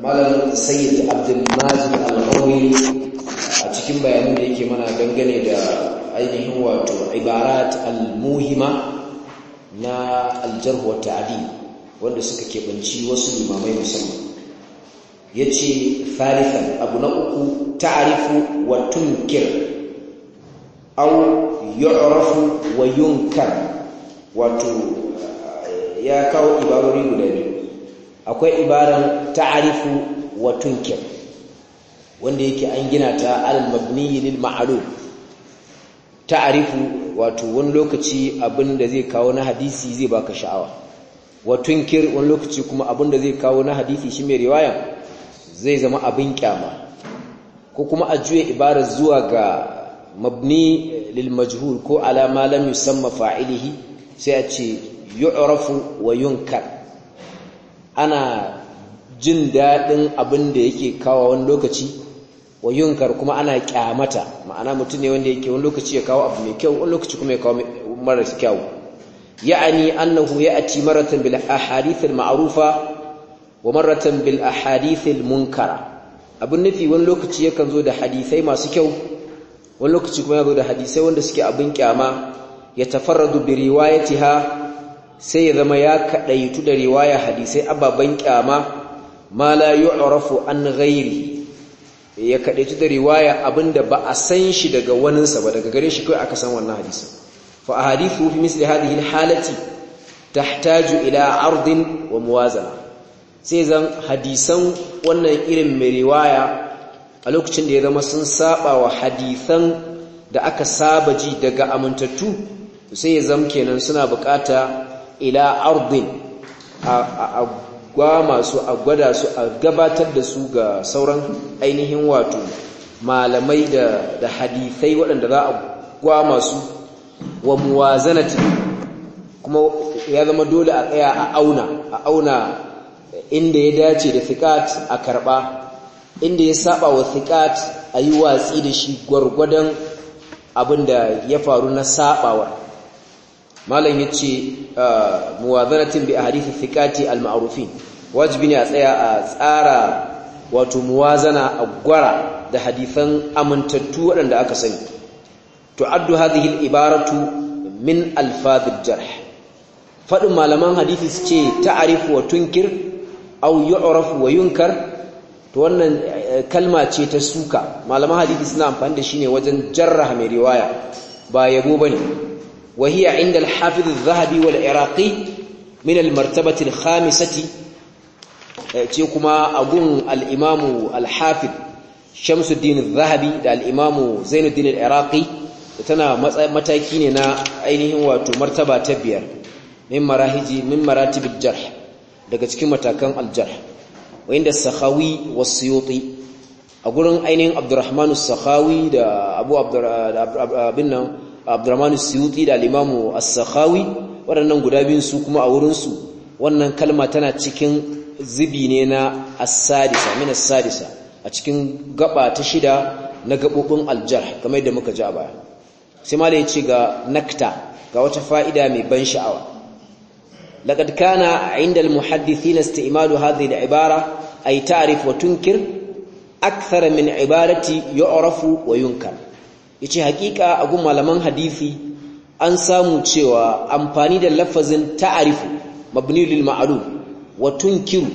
malam sayyid abdulmajid al hawi a cikin bayanin da yake mana dangane da ainihin wato ibarat al-muhima na al-jarh wa ta'dil wanda suka kebanci wasu limamai musamman yace farisan abu na uku ta'rifu wa tunkir aw yu'rafu wa yunkar wato ya kawo ibarori guda biyu akwai ibaran ta'arifu wa tunkir wanda yake an gina ta al mabni lil ma'ruf ta'arifu wato wani lokaci abinda zai kawo na hadisi zai baka sha'awa wa tunkir wani lokaci kuma abinda zai kawo na hadisi shi mai riwaya zai zama abin kyama ko kuma a juya ibarar zuwa ga mabni lil majhul ko alama lam yusamma fa'ilihi sai a ce yu'rafu wa yunkar ana jin daɗin abin da yake kawo wani lokaci wa yunkar kuma ana kyamata ma'ana mutum ne wanda yake wani lokaci ya kawo abu mai kyau wani lokaci kuma ya kawo mara kyau ya'ani annahu ya'ti maratan bil ahadith al ma'rufa wa maratan bil ahadith al munkara abin nufi wani lokaci yakan zo da hadisai masu kyau wani lokaci kuma ya zo da hadisai wanda suke abin kyama ya tafarradu bi riwayatiha sai ya zama ya kadaitu da riwaya hadisai ababen kyama ma la yu'rafu an gairi ya kadaitu da riwaya abinda ba a san shi daga waninsa ba daga gare shi kai aka san wannan hadisi fa ahadithu fi misli hadhihi alhalati tahtaju ila ardin wa muwazana sai zan hadisan wannan irin mai riwaya a lokacin da ya zama sun saba wa hadisan da aka saba ji daga amintattu sai ya zama kenan suna bukata ila ardin a gwama su a gwada su a gabatar da su ga sauran ainihin wato malamai da hadithai waɗanda za a gwama su wa muwazanati kuma ya zama dole a tsaya a auna a auna inda ya dace da sikat a karɓa, inda ya saba wa thiqat a yi watsi da shi gwargwadon abinda ya faru na sabawar malam yace ah, muwazanatin bi ahadith thiqati al ma'rufin wajibi ne a tsaya a tsara wato muwazana a gwara da hadifan amintattu waɗanda aka sani addu hadhihi al ibaratu min alfaz al fadin malaman hadisi suke ta'arifu wa tunkir aw yu'raf wa yunkar to wannan eh, kalma ce ta suka malaman hadisi suna amfani da shi ne wajen jarraha mai riwaya ba yabo bane وهي عند الحافظ الذهبي والعراقي من المرتبة الخامسة تيكما أقول الإمام الحافظ شمس الدين الذهبي دا الإمام زين الدين العراقي تنا متاكيننا أينهم واتو مرتبة تبير من مراهج من مراتب الجرح daga cikin matakan aljarh wa inda sakhawi was suyuti a gurin ainihin abdurrahman as-sakhawi da abu abdur abin nan abdurrahman suyuti da al Asakhawi, as waɗannan guda biyun su kuma a wurin su wannan kalma tana cikin zubi ne na as-sadisa min as a cikin gaba ta shida na gabobin al-jarh kamar yadda muka ji a baya sai da ya ce ga nakta ga wata fa'ida mai ban sha'awa لقد da ibara a yi هذه العبارة أي تعرف min min ya عبارة wa yunkar yace hakika a gun malaman hadisi an samu cewa amfani da lafazin ta'arifu mabni lil ma'lum wa tunkiru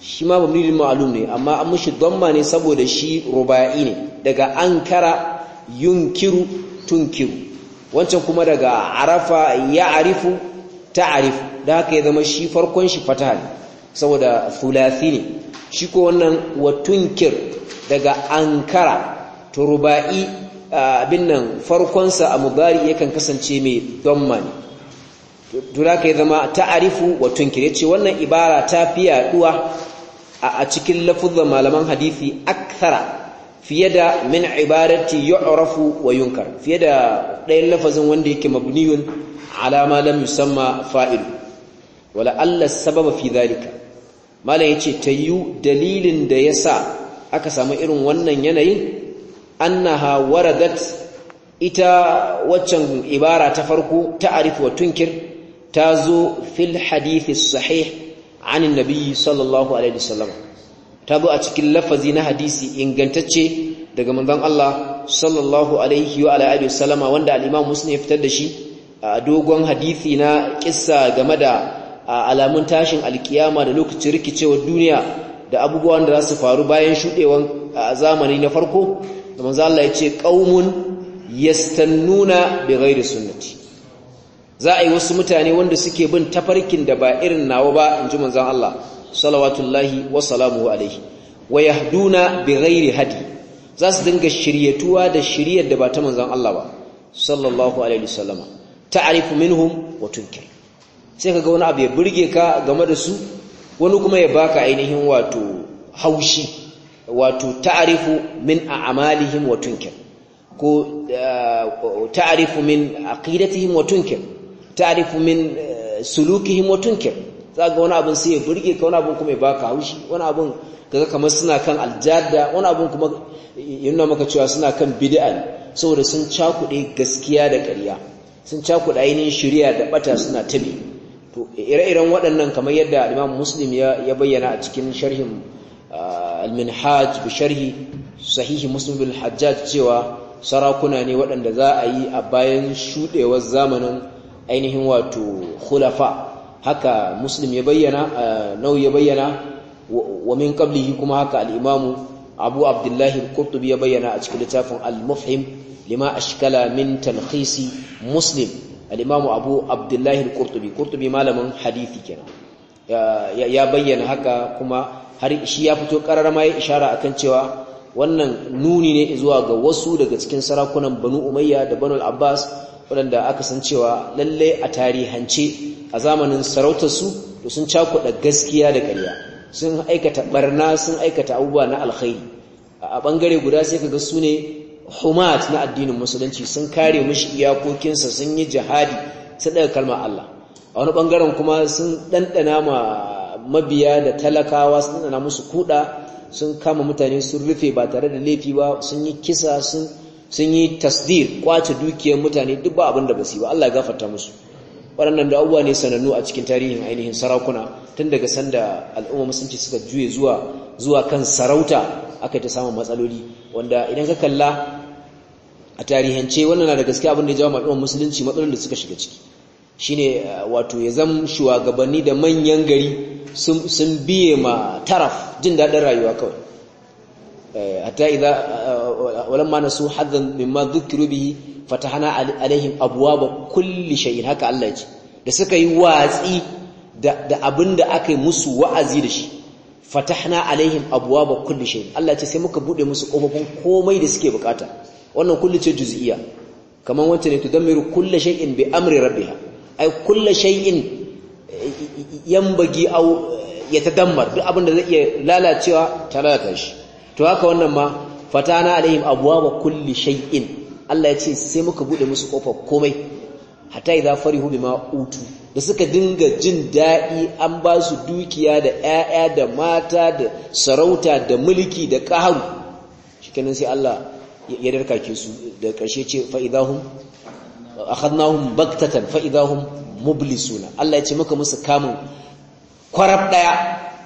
shi ma mabni lil ma'lum ne amma an mushi dhamma ne saboda shi rubai ne daga ankara yunkiru tunkiru wancan kuma daga arafa ya'rifu ta'arifu da haka ya zama shi farkon shi fata ne saboda thulathi ne shi ko wannan wa tunkir daga ankara turba'i abin nan farkonsa a mubari yakan kasance mai dhamma tura ka yi zama ta'arifu wa tunkire yace wannan ibara ta fi yaduwa a cikin lafuzan malaman hadithi akthara fiye da min ibarati yu'rafu wa yunkar fiye da ɗayan lafazin wanda yake mabniyun alama ma lam yusamma fa'il wala Allah sababa fi dhalika malam yace tayu dalilin da yasa aka samu irin wannan yanayin annaha waradat ita waccan ibara ta farko ta'rif wa tunkir tazo fil hadith sahih an annabi sallallahu alaihi wasallam tazo a cikin lafazi na hadisi ingantacce daga manzon Allah sallallahu alaihi wa alihi wasallam wanda al-Imam Muslim ya fitar da shi a dogon hadisi na kissa game da alamun tashin alkiyama da lokacin rikicewar duniya da abubuwan da za su faru bayan shudewan zamani na farko da manzo Allah ya ce qaumun yastannuna bighairi sunnati za a yi wasu mutane wanda suke bin tafarkin da ba irin nawa ba inji manzo Allah salawatullahi wa salamuhu alaihi wa yahduna bighairi hadi za su dinga shiryatuwa da shiryar da ba ta manzo Allah ba sallallahu alaihi wasallama ta'rifu minhum wa tunkir sai kaga wani abu ya burge ka game da su wani kuma ya baka ainihin wato haushi wato ta'arifu min a'amalihim wa tunkir ko uh, ta'arifu min aqidatihim wa tunkir ta'arifu min uh, sulukihim wa tunkir zaga wani abin sai ya burge ka wani abin kuma ya baka haushi wani abin kaga kamar suna kan aljada wani abin kuma yana maka cewa suna kan bid'a saboda sun cakuɗe gaskiya da ƙarya sun cakuɗe ainihin shari'a da bata suna tabi to ire-iren waɗannan kamar yadda Imam Muslim ya bayyana a cikin sharhin al-minhaj bi sharhi sahih muslim bil hajjaj cewa sarakuna ne waɗanda za a yi a bayan shudewar zamanin ainihin wato khulafa haka muslim ya bayyana nau ya bayyana wa min qablihi kuma haka al-imamu abu abdullahi al-qurtubi ya bayyana a cikin littafin al-mufhim lima ashkala min talkhisi muslim al abu abdullahi al-qurtubi qurtubi malamin hadisi kenan ya bayyana haka kuma har shi ya fito karar ma ya ishara akan cewa wannan nuni ne zuwa ga wasu daga cikin sarakunan Banu Umayya da Banu Al-Abbas waɗanda aka san cewa lalle a tarihance a zamanin sarautar su to sun cakuɗa gaskiya da ƙarya sun aikata barna sun aikata abubuwa na alkhairi a bangare guda sai kaga su ne humat na addinin musulunci sun kare mishi iyakokinsa sun yi jihadi sun daga kalmar Allah a wani bangaren kuma sun ɗanɗana ma mabiya da talakawa sun musu kuda sun kama mutane sun rufe ba tare da laifi ba sun yi kisa sun sun yi tasdir kwace dukiyar mutane duk ba abin da ba su ba Allah ya gafarta musu waɗannan da abubuwa ne sanannu a cikin tarihin ainihin sarakuna tun daga sanda al'umma musulunci suka juye zuwa kan sarauta aka ta samun matsaloli wanda idan ka kalla a tarihance wannan na da gaskiya abin da ya jawo al'umma musulunci matsalolin da suka shiga ciki shine wato ya zama shugabanni da manyan gari sun biye ma taraf jin daɗin rayuwa kawai eh, hatta idza eh, walamma nasu haddan mimma dhukiru bihi fatahana alaihim ba kulli shay'in haka Allah ce da suka yi watsi da abinda aka yi musu wa'azi da shi fatahna alaihim ba kulli shay Allah ce sai muka buɗe musu kofofin komai da suke bukata wannan kulli ce juz'iyya kamar wacce ne tudammiru kulla shay'in bi amri rabbiha ai kulla shay'in yambagi au ya tadammar duk abin da zai iya lalacewa ta lalata shi to haka wannan ma fatana alaihim abwaaba kulli shay'in Allah ya ce sai muka bude musu kofar komai hatta idza farihu bima utu da suka dinga jin dadi an ba su dukiya da 'ya'ya da mata da sarauta da mulki da ƙaharu. shikenan sai Allah ya darkake su da karshe ce fa idahum akhadnahum baktatan fa idahum mublisuna Allah ya ce maka musu kamun kwarab daya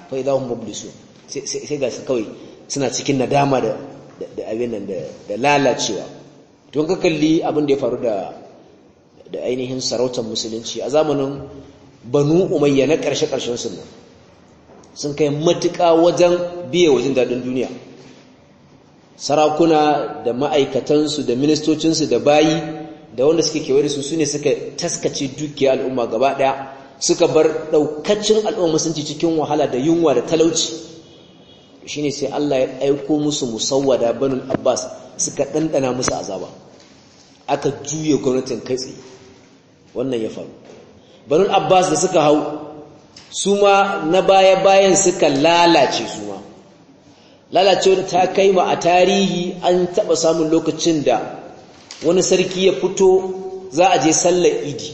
fa idahum mublisun sai sai ga su kawai suna cikin nadama da da abin nan da lalacewa to ka kalli abin da ya faru da da ainihin sarautar musulunci a zamanin banu umayya na karshe karshen sun sun kai matuƙa wajen biye wajen dadin duniya sarakuna da ma'aikatansu da ministocinsu da bayi da wanda suke kewaye da su sune suka taskace dukiya al'umma gaba daya suka bar daukacin al'umma musulunci cikin wahala da yunwa da talauci shine sai Allah ya aiko musu musawwada al abbas suka dandana musu azaba aka juye gwamnatin kai tsaye wannan ya faru al abbas da suka hau su ma na baya-bayan suka lalace su ma lalacewar ta kai ma a tarihi an taba samun lokacin da wani sarki ya fito za a je sallar idi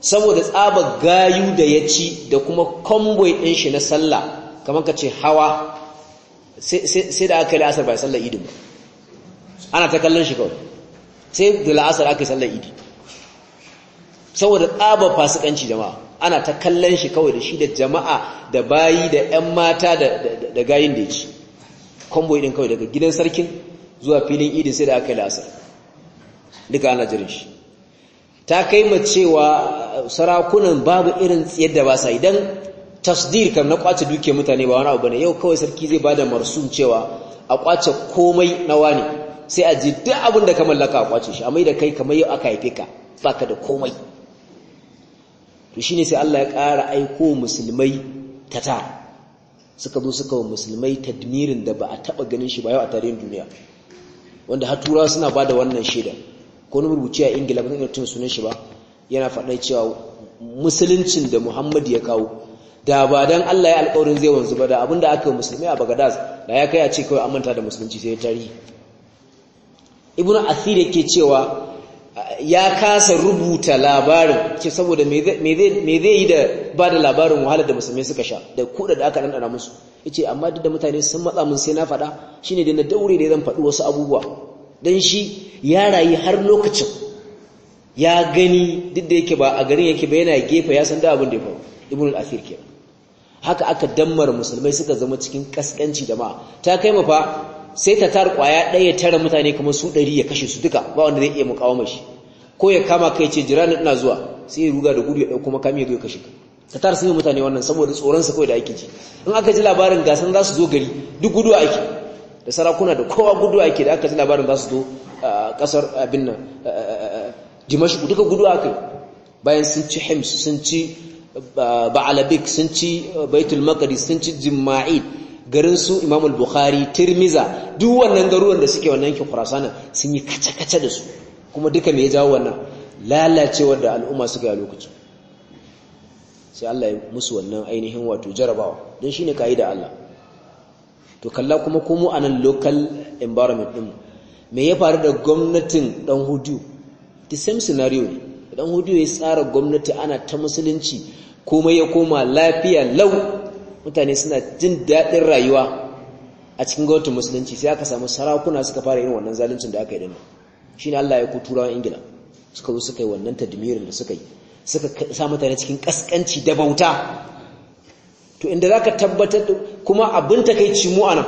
saboda tsaba gayu da ya ci da kuma convoy ɗin shi na sallah kamar ka ce hawa sai da aka yi la'asar ba sallar idin ba ana ta kallon shi kawai sai da la'asar aka yi sallar idi saboda tsaba fasikanci jama'a ana ta kallon shi kawai da shi da jama'a da bayi da 'yan mata da gayin da ya ci convoy ɗin kawai daga gidan sarkin zuwa filin idin sai da aka yi la'asar duka ana jirin shi ta kai ma cewa uh, sarakunan babu irin tsiyar da ba sa idan tasdir kam na kwace duke mutane ba wani abu bane yau kawai sarki zai bada marsun cewa a kwace komai na wani sai a ji duk abin da ka mallaka a kwace shi amma da kai kamar yau aka haife ka baka da komai to shine sai Allah ya ƙara aiko musulmai tata, suka zo suka wa musulmai tadmirin da ba a taba ganin shi ba yau a tarihin duniya wanda har turawa suna bada wannan shaida ko wani rubuci a ingila ba zan tun sunan shi ba yana faɗa cewa musuluncin da muhammadu ya kawo da ba don allah ya alƙawarin zai wanzu ba da abin da aka yi musulmi a bagadas da ya kai a ce kawai an manta da musulunci sai tarihi ibnu athir yake cewa ya kasa rubuta labarin ke saboda me zai yi da ba da labarin wahalar da musulmi suka sha da kuɗa da aka ɗanɗana musu ce amma duk da mutane sun matsa mun sai na faɗa shine da na daure da zan faɗi wasu abubuwa Don shi ya rayu har lokacin ya gani duk da yake ba a garin yake ba yana gefe ya san da abin da ya faru ibn al afir ke haka aka dammar musulmai suka zama cikin kaskanci da ma ta kai mu fa sai ta tar kwaya ɗaya tara mutane kamar su ɗari ya kashe su duka ba wanda zai iya mukawama shi ko ya kama kai ce jira na ina zuwa sai ya ruga da gudu ya kuma makami ya zo ya kashe ka ta tar sun mutane wannan saboda tsoron sa kawai da ake ji in aka ji labarin gasan za su zo gari duk gudu ake da sarakuna da kowa gudu ake da aka ji labarin za su zo kasar abin nan ku duka gudu aka bayan sun ci hims sun ci ba'alabik sun ci uh, baitul Makari sun ci jimma'id garin su imam bukhari tirmiza duk wannan garuruwan da suke wannan yankin khurasana sun yi kace-kace da su kuma duka me ya jawo wannan lalacewar da al'umma suka yi a lokacin sai Allah ya musu wannan ainihin wato jarabawa don shine da Allah to kalla kuma komo a nan local environment ɗin me ya faru da gwamnatin ɗan hudu the same scenario ne ɗan hudu ya tsara gwamnati ana ta musulunci komai ya koma lafiya lau mutane suna jin daɗin rayuwa a cikin gwamnatin musulunci sai aka samu sarakuna suka fara yin wannan zaluncin da aka yi dinnan shine Allah ya ku turawan ingila suka zo suka yi wannan tadmirin da suka yi suka sa mutane cikin kaskanci da bauta to inda zaka tabbatar kuma abin takeici mu anan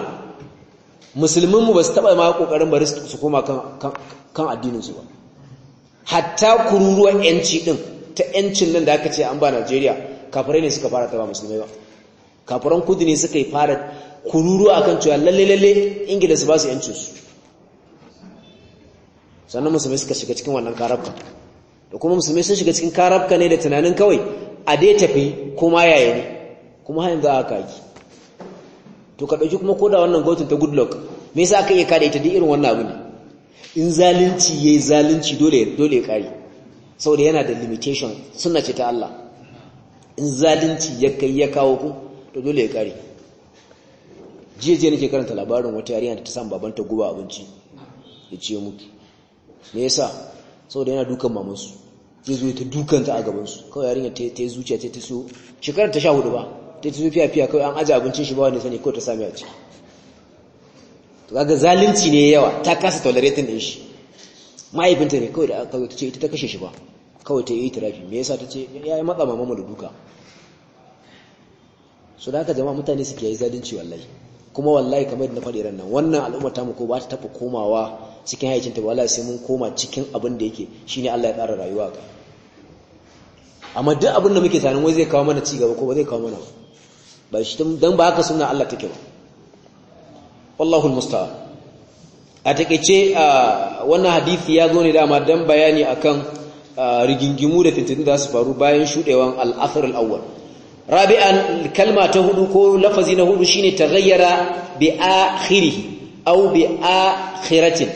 musulmin mu ba su taba ma kokarin bari su koma kan kan addinin su ba hatta kururuwan yanci din ta yancin nan da aka ce an ba Najeriya kafirai ne suka fara ta ba musulmai ba kafiran kudu ne suka yi fara kururuwa akan cewa lalle lalle ingila su ba su yancin su sannan musulmai suka shiga cikin wannan karabka da kuma musulmai sun shiga cikin karabka ne da tunanin kawai a dai tafi kuma yaye ne kuma hanyar za a kaki to ka dauki kuma koda wannan gwamnatin ta goodluck me yasa aka iya kada ita duk irin wannan abu ne in zalunci yayi zalunci dole dole ya kare saboda yana da limitation sunna ce ta Allah in zalunci ya kai ya kawo ku to dole ya kare jiya jiya nake karanta labarin wata yarinya da ta san ta guba abinci ya ce mutu me yasa saboda yana dukan mamansu ya zo ta dukanta a gabansu kawai yarinya ta yi zuciya ta so shekarar ta sha hudu ba ta ci fiya fiya kawai an aji abincin shi ba wanda sani ko ta sami a ciki to kaga zalunci ne yawa ta kasa tolerating din shi mahaifinta ne kawai da aka kawai ta ce ita ta kashe shi ba kawai ta yi tirafi me yasa ta ce ya yi matsa mamamu da duka su da haka jama'a mutane su yi zalunci wallahi kuma wallahi kamar na faɗi ran nan wannan al'ummar ta ko ba ta taɓa komawa cikin haicin ba wallahi sai mun koma cikin abin da yake shine Allah ya tsara rayuwa amma duk abin da muke tsanin wai zai kawo mana ci gaba ko ba zai kawo mana ba ba shi dan ba haka suna Allah take ba wallahu almusta'an a takeice wannan hadisi ya zo ne dama dan bayani akan rigingimu da fitinu da su faru bayan shudewan al-athar rabi'an kalma ta hudu ko lafazi na hudu shine taghayyara bi akhirih aw bi akhiratin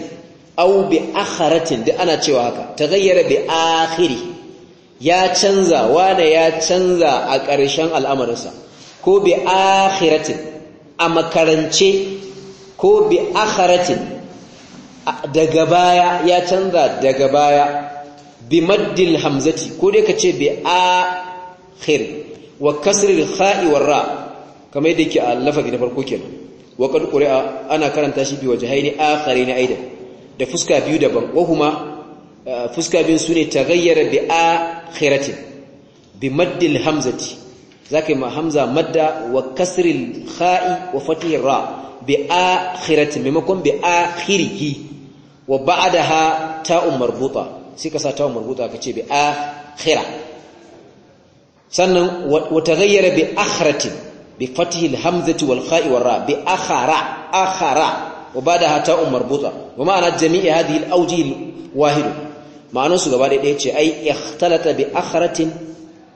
aw bi akharatin da ana cewa haka taghayyara bi akhirih ya canza wane ya canza a ƙarshen al'amarinsa ko bi akhiratin a makarance ko bi akharatin daga baya ya canza daga baya bi maddil hamzati ko dai ka ce bi akhir wa kasril kha'i war ra kamar yadda yake a lafazi na farko kenan wa qad ana karanta shi bi wajhaini akharin aida da fuska biyu daban wahuma eh, fuska biyu sune taghayyara bi akhiratin bi maddil hamzati zaka yi ma hamza madda wa kasril kha'i wa fatihir ra bi akhirati maimakon bi akhirihi wa ba'daha ta'un marbuta sai ka sa ta'un marbuta ka ce bi akhira sannan wa taghayyara bi akhratin bi fatihil hamzati wal kha'i war ra bi akhara akhara وبعدها تاء wahidu ومعنى جميع هذه الأوجه واحد معنى سقبال إيه أي اختلط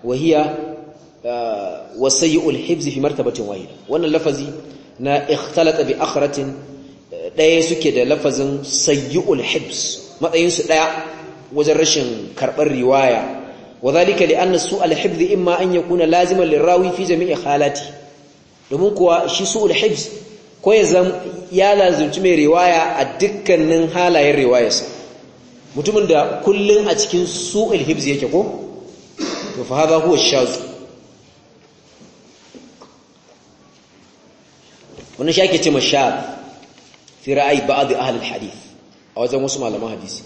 wa hiya. wa sayyi'ul hibzi fi martabatin wahida wannan lafazi na ikhtalata bi akhratin daya suke da lafazin sayyi'ul hibz matsayin su daya wajen rashin karɓar riwaya wadhalika li anna su'al hibz imma an yakuna laziman lirawi fi jami'i halati domin kuwa shi su'ul hibz ko ya lazumci mai riwaya a dukkanin halayen riwayarsa mutumin da kullun a cikin su'ul hibz yake ko to fa hadha huwa shazu wannan shi ake ce mashad fi ra'ayi ba'd ahli alhadith a wajen wasu malaman hadisi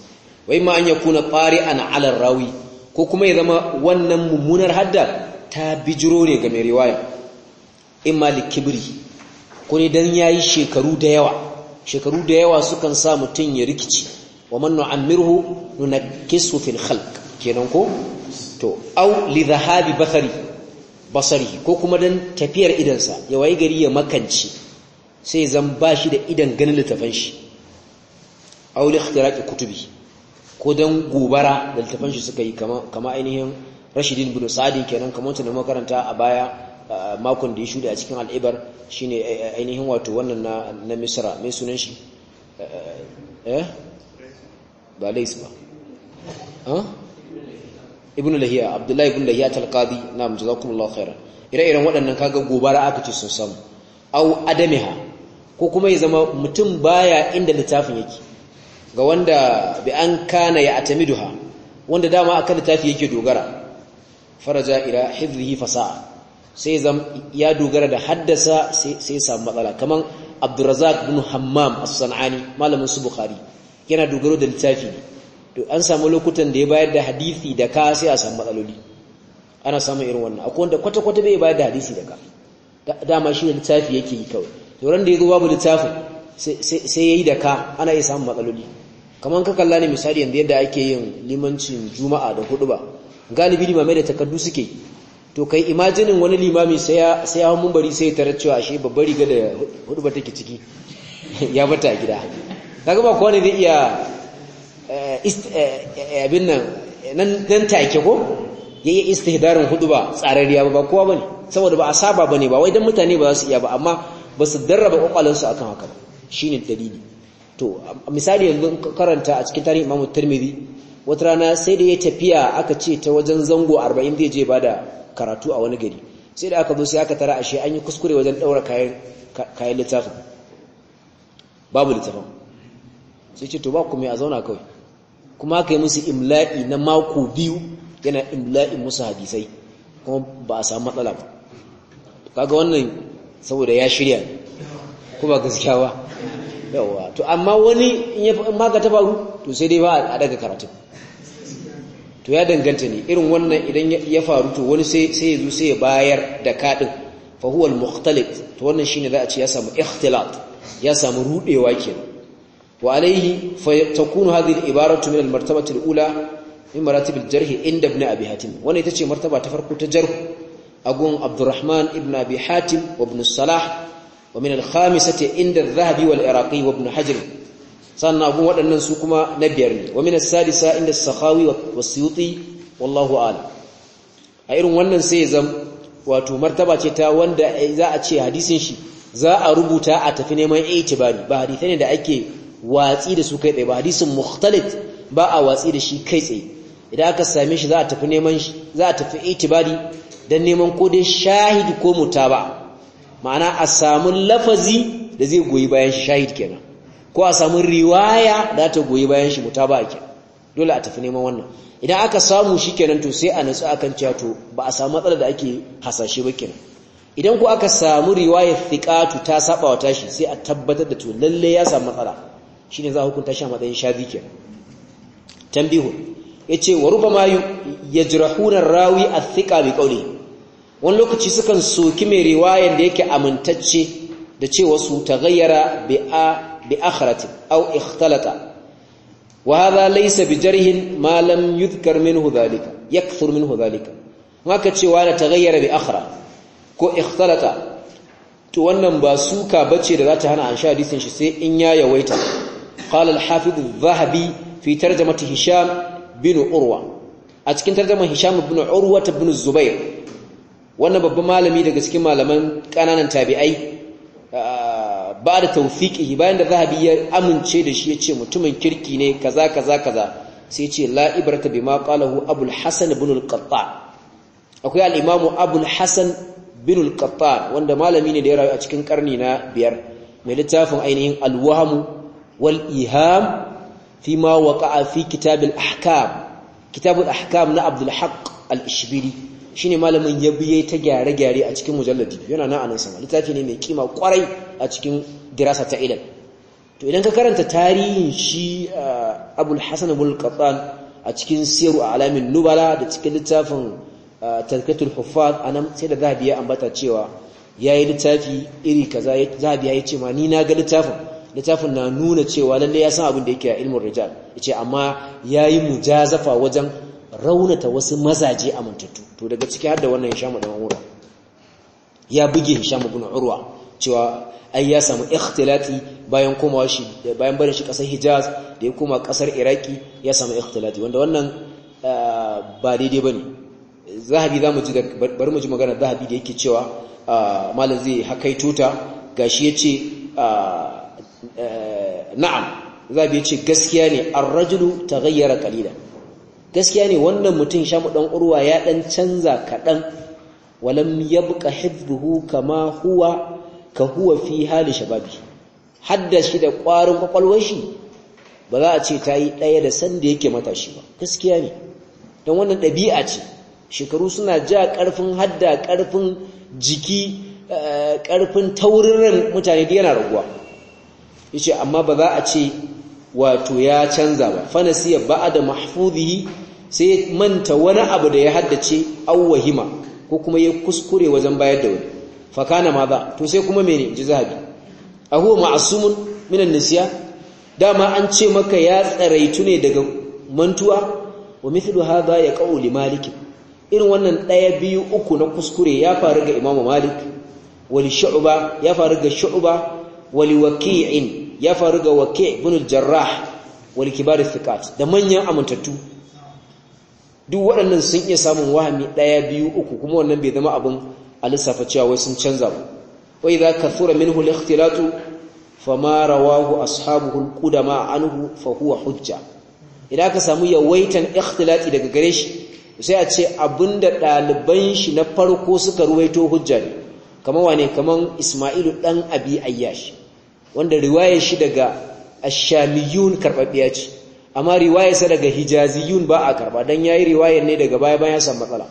wai ma an yakuna qari'an 'ala rawi ko kuma ya zama wannan mummunar hadda ta bijiro ne ga mai riwaya imma kibri ko ne dan yayi shekaru da yawa shekaru da yawa sukan sa mutun ya rikici wa man nu'ammirhu nunakkisu fil khalq kenan ko to au li dhahabi basari basari ko kuma dan tafiyar idansa ya wayi gari ya makanci sai zan ba shi da idan ganin littafan shi auli ikhtiraqi kutubi ko don gobara da littafan shi suka yi kama ainihin Rashidin bin Sa'din kenan kamar ta makaranta a baya makon da ya shuɗe a cikin al'ibar Shi ne ainihin wato wannan na na Misra mai sunan shi eh ba lais ba ibn lahiya abdullahi ibn lahiya talqadi na'am jazakumullahu khairan ire-iren waɗannan kaga gobara aka ce sun samu au adamiha ko kuma ya zama mutum baya inda littafin yake ga wanda bi an kana ya atamiduha wanda dama akan littafi yake dogara faraja ila hifzihi fasa'a sai ya dogara da haddasa sai samu matsala kaman Abdurrazzaq bin Hammam as-San'ani malamin su Bukhari yana dogaro da littafi to an samu lokutan da ya bayar da hadisi da ka sai a samu matsaloli ana samun irin wannan akwai wanda kwata-kwata bai bayar da hadisi da ka dama shi ne littafi yake yi kawai to da ya zo babu littafin sai ya yi da ka ana iya samun matsaloli kamar ka kalla ne misali yanzu yadda ake yin limancin juma'a da ba galibi limamai da takardu suke to kai imajinin wani limami sai ya hau mumbari sai tarar cewa ashe babbar riga da ba take ciki ya bata gida kaga ba kowa ne zai iya eh, eh, abin nan nan take ko ya yi istihdarin hudu ba tsararriya ba kowa ba ne saboda ba a saba ba ne ba wai dan mutane ba za su iya ba amma ba su darraba kwakwalansu kan haka ba ne dalili to misali yanzu karanta a cikin tarihin imamu Tirmidhi wata rana sai da ya tafiya aka ce ta wajen zango 40 zai je ba da karatu a wani gari sai da aka zo sai aka tara ashe an yi kuskure wajen daura kayan kayan littafin babu littafin sai ce to ba ku mai a zauna kawai kuma aka yi musu imla'i na mako biyu yana imla'in musu hadisai kuma ba a samu matsala ba kaga wannan saboda ya shirya ko ba gaskiya ba yawa to amma wani in ya ma ta faru to sai dai ba a daga karatu to ya danganta ne irin wannan idan ya faru to wani sai sai yazo sai ya bayar da kadin fa huwa al-mukhtalit to wannan shine za a ce ya samu ikhtilat ya samu rudewa kenan وعليه فتكون هذه العبارة من المرتبة الأولى inda مراتب abi hatim wannan ita ce martaba ta farko ta تجرح أقول عبد ibn ابن أبي حاتم وابن الصلاح ومن الخامسة عند الذهبي والعراقي وابن حجر sannan abubuwan waɗannan su kuma na biyar ne wa minas sadisa inda sakhawi wa suyuti a irin wannan sai zam wato martaba ce ta wanda za a ce hadisin shi za a rubuta a tafi neman itibari ba hadisai ne da ake watsi da su kai tsaye ba hadisin mukhtalif ba a watsi da shi kai tsaye idan aka same shi za a tafi neman shi za a tafi itibari Dan neman ko dai shahid ko mutaba ma'ana a samu lafazi da zai goyi bayan shi shahid kenan ko a samu riwaya da ta goyi bayan shi mutaba kenan dole a tafi neman wannan idan aka samu shi kenan to sai a natsu akan cewa to ba a samu matsala da ake hasashe ba kenan idan ko aka samu riwaya thiqatu ta saba wa tashi sai a tabbatar da to lalle ya samu matsala shine za hukunta shi a matsayin shazi kenan tambihu yace wa rubama yajrahuna rawi athiqa mai wani lokaci sukan soki mai riwayan da yake amintacce da cewa su taghayyara bi a bi akhratin aw ikhtalata wa hadha laysa bi jarhin ma lam yudhkar minhu dhalika yakthur minhu dhalika haka cewa la taghayyara bi akhra ko ikhtalata to wannan ba suka bace da za ta hana an sha hadisin shi sai in ya yawaita qala al-hafiz adh-dhahabi fi tarjamati hisham bin urwa a cikin tarjamar hisham bin urwa bin zubair wannan babban malami daga cikin malaman kananan tabi'ai ba da tawfiqihi bayan da zahabi ya amince da shi ya ce mutumin kirki ne kaza kaza kaza sai ya ce la ibrata bima qalahu abul hasan ibn al akwai al-imamu abul hasan ibn al wanda malami ne da ya rayu a cikin karni na biyar mai littafin ainihin al-wahm wal iham fi ma waqa'a fi kitab al-ahkam kitab al-ahkam na abdul haqq al-ishbili shine malamin ya biye ta gyare-gyare a cikin mujalladi yana nan anan sama littafi ne mai kima kwarai a cikin dirasa ta ilal to idan ka karanta tarihin shi uh, abul hasan abul qattan a cikin siru alamin nubala da cikin littafin uh, tarkatul huffaz anan sai da zahabi ya ambata cewa yayi littafi iri kaza biya ya ce ma ni na ga littafin littafin na nuna cewa lalle ya san abin da yake a ilmin rijal yace amma yayi mujazafa wajen raunata wasu mazaje a amintattu to daga ciki har da wannan Hisham dan Urwa ya buge Hisham ibn Urwa cewa ai ya samu ikhtilati bayan komawa shi bayan barin shi kasar Hijaz da ya koma kasar Iraki ya samu ikhtilati wanda wannan ah, ba daidai bane zahabi zamu ji bari mu ji magana zahabi da yake cewa ah, malam zai hakai tuta gashi yace ah, eh, na'am zabi yace gaskiya ne ar-rajulu taghayyara qalilan gaskiya ne wannan mutum shamu dan urwa ya dan canza kadan walam yabqa hifdhuhu kama huwa ka huwa fi hali shababi hadda shi da kwarin kwakwalwar shi ba za a ce ta yi ɗaya da sanda yake matashi ba gaskiya ne don wannan ɗabi'a ce shekaru suna ja ƙarfin hadda ƙarfin jiki eh, ƙarfin taurin mutane da yana raguwa ya ce amma ba za a ce wato ya canza ba fanasiya ba'da mahfuzihi sai manta wani abu da ya haddace awwahima ko kuma ya kuskure wajen bayar da wani fakana maza to sai kuma mene ji zahabi ahuwa ma'asumun minan nisiya dama an ce maka ya tsaraitu ne daga mantuwa wa mithlu hadha ya qawli malik irin wannan daya biyu uku na kuskure ya faru ga imamu malik wal shu'ba ya faru ga shu'ba wal waqi'in ya faru ga wake ibn al-jarrah wal kibar thiqat da manyan amintattu duk waɗannan sun iya samun wahami ɗaya biyu uku kuma wannan bai zama abin alisafa cewa wai sun canza ba wai idza kathura minhu al-ikhtilatu ma rawahu ashabuhu al-qudama anhu fa huwa hujja idan ka samu yawaitan ikhtilati daga gare shi sai a ce abinda ɗaliban shi na farko suka ruwaito hujja ne kamar wane kamar Isma'ilu ɗan Abi ayyashi wanda riwayar shi daga ashamiyun karɓaɓɓiya ce amma sa daga hijaziyun ba a karba don ya yi riwayar ne daga baya bayan san matsala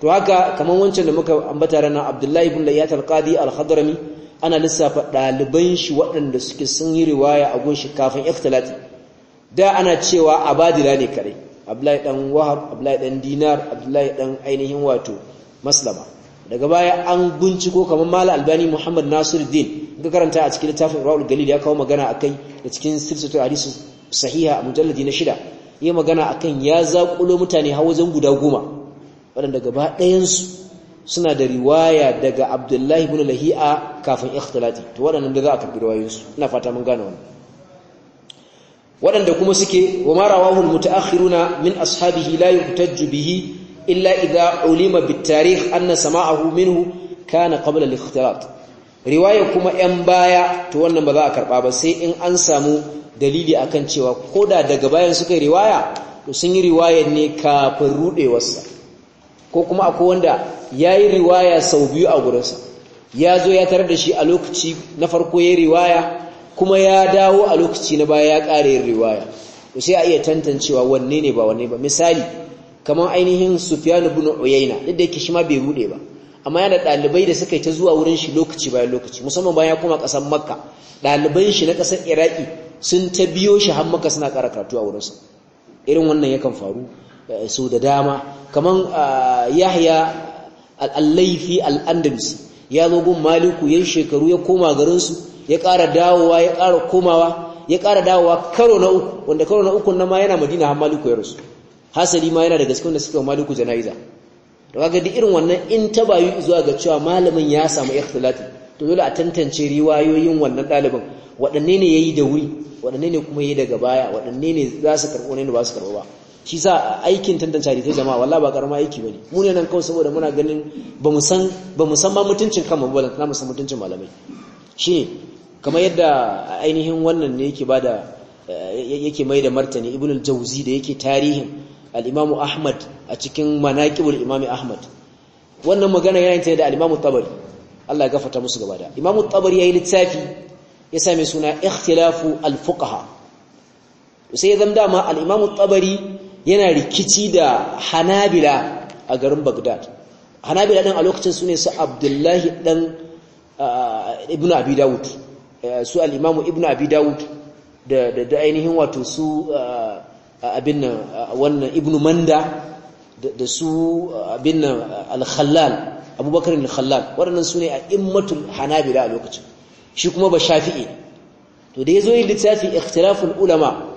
to haka kamar wancan da muka ambata rana abdullahi ibn layyat al-qadi al-hadrami ana lissafa ɗaliban shi waɗanda suke sun yi riwaya a gunshi kafin iftilati da ana cewa abadila ne kare abdullahi dan wahab abdullahi dan dinar abdullahi dan ainihin wato maslama daga baya an binciko kamar mala albani muhammad nasiruddin ga karanta a cikin littafin rawul galil ya kawo magana akai da cikin silsilatul hadisi sahiha a mujalladi na shida yi magana akan ya zaƙulo mutane har wajen guda goma waɗanda gaba ɗayansu suna da riwaya daga abdullahi ibn lahi'a kafin ikhtilati to waɗannan da za a karbi riwayoyinsu ina fata mun gane wannan waɗanda kuma suke wa marawahul rawahu al-mutaakhiruna min ashabihi la yuhtajju bihi illa idha ulima bitarikh anna sama'ahu minhu kana qabla al riwaya kuma yan baya to wannan ba za a karba ba sai in an samu dalili akan cewa koda daga bayan suka yi riwaya to sun yi riwayar ne kafin rudewarsa ko kuma akwai wanda yayi riwaya sau biyu a gurinsa ya zo ya tarar da shi a lokaci na farko yayi riwaya kuma ya dawo a lokaci na baya ya ƙara yin riwaya to sai a iya tantancewa wanne ne ba wanne ba misali kamar ainihin Sufyan ibn Uyayna duk da yake shi ma bai rude ba amma yana dalibai da suka yi ta zuwa wurin shi lokaci bayan lokaci musamman bayan ya koma kasar Makka daliban shi na kasar Iraki sun ta biyo shi har Makka suna ƙara karatu a sa irin wannan yakan faru eh, so da dama kaman ah, Yahya al-Laythi al andalus ya zo gun Maliku yayin shekaru ya koma garin su ya ƙara dawowa ya ƙara komawa ya ƙara dawowa karo na uku wanda karo na uku nan ma yana Madina har Maliku ya rasu hasali ma yana da gaske wanda suka maliku janaiza to kaga duk irin wannan in ta bayu zuwa ga cewa malamin ya samu ikhtilati to dole a tantance riwayoyin wannan dalibin waɗanne ne yayi da wuri waɗanne ne kuma yayi daga baya waɗanne ne za su karɓo ne ba su karɓo ba shi sa aikin tantance ta jama'a wallahi ba karama aiki bane mu ne nan kawai saboda muna ganin ba mu san ba mu san ma mutuncin kanmu ba na mu san mutuncin malamai shine kamar yadda ainihin wannan ne yake bada eh, yake mai da martani ibnul jawzi da yake tarihin Al'imamu ahmad a cikin manaƙibul imami ahmad wannan magana yana ta da Al'imamu imamu tabari Allah ya gafarta musu gaba da imamu tabari yayi littafi ya sami suna ikhtilafu al sai ya zamda ma Al'imamu tabari yana rikici da hanabila a garin bagdad hanabila dan a lokacin sune su abdullahi ɗan ah, Ibn abi dawud eh, su Al'imamu Ibn ibnu abi dawud da ainihin wato su ah, abin wannan ibnu manda da su abin nan al-khallal abubakar al-khallal waɗannan su ne a immatul hanabila a lokacin shi kuma ba shafi'i to da ya zo yin littafi ikhtilafin ulama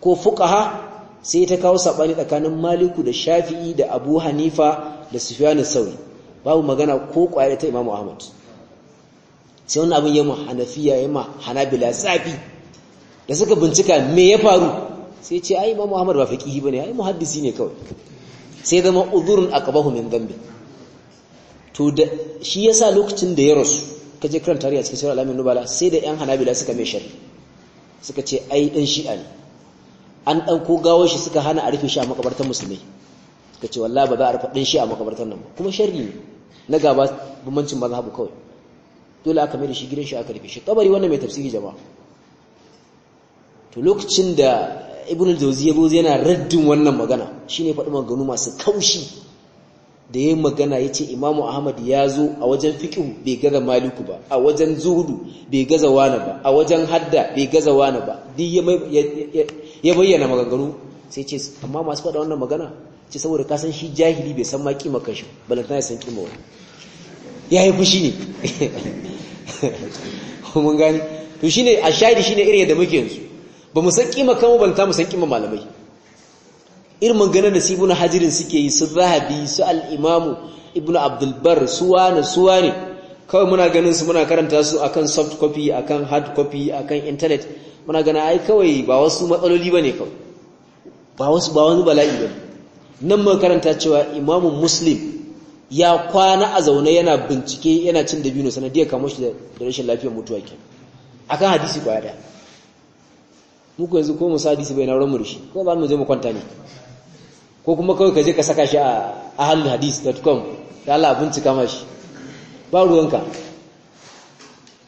ko fuƙaha sai ta kawo saɓani tsakanin maliku da shafi'i da abu hanifa da sufiyanin sauri babu magana ko kwaya ta imamu ahmad sai wani abin yamma hanafiya yamma hanabila zafi da suka bincika me ya faru sai ce ai imamu Muhammad ba faqihi bane ai muhaddisi ne kawai sai zama udhurun aqbahu min dhanbi to da shi yasa lokacin da ya rasu kaje karanta tariya a cikin sura al-amin nubala sai da yan hanabila suka mai sharri suka ce ai dan shi'a ne an ko gawar shi suka hana a rufe shi a makabartar musulmai suka ce wallahi ba za a rufe dan shi a makabartar nan kuma sharri ne na gaba bambancin mazhabu kawai dole aka mai da shi gidan shi aka rufe shi kabari wannan mai tafsiri jama'a to lokacin da ibn al-jawzi yabo yana raddin wannan magana shine faɗi maganganu masu kaushi da yayin magana yace imamu ahmad ya zo a wajen fiqh bai gaza maliku ba a wajen zuhudu bai gaza wani ba a wajen hadda bai gaza wani ba duk ya bayyana maganganu sai ce amma masu faɗa wannan magana ce saboda ka san shi jahili bai san ma kima kashi balanta ya san kima wani yayi fushi ne mun gani to shine ashari shine irin da muke yanzu ba mu san kima kanmu ba ta mu san kima malamai irin maganar da su ibnu hajirin suke yi su zahabi su al-imamu ibnu abdul bar su wani su wani kawai muna ganin su muna karanta su akan soft copy akan hard copy akan internet muna gana ai kawai ba wasu matsaloli bane kawai ba wasu ba wani bala'i bane nan mun karanta cewa imamu muslim ya kwana a zaune yana bincike yana cin dabino sanadiyar kamo shi da rashin lafiyar mutuwa ke akan hadisi kwaya daya muku yanzu ko musadi su bai nauran murshi ko za mu je mu kwanta ne ko kuma kawai ka je ka saka shi a ahlul hadis.com da Allah bincika mashi ba ruwanka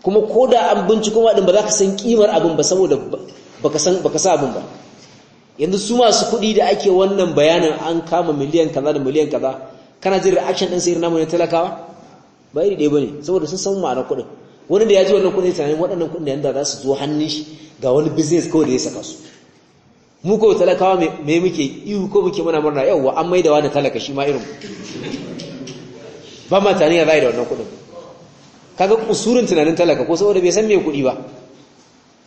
kuma ko da an binciko ma din ba za ka san kimar abin ba saboda baka san baka sa abin ba yanzu su masu kuɗi da ake wannan bayanin an kama miliyan kaza da miliyan kaza kana jin reaction din sai namu ne talakawa ba iri ɗaya bane saboda sun san ma'anar kuɗin wani da ya ji wannan kudin tunanin waɗannan kudin da za su zo hannun shi ga wani business kawai da ya saka su mu kawai talakawa me muke ihu ko muke muna murna wa, an maida wani talaka shi ma irin ba ma tani ya zai da wannan kudin kaga kusurin tunanin talaka ko saboda bai san me kudi ba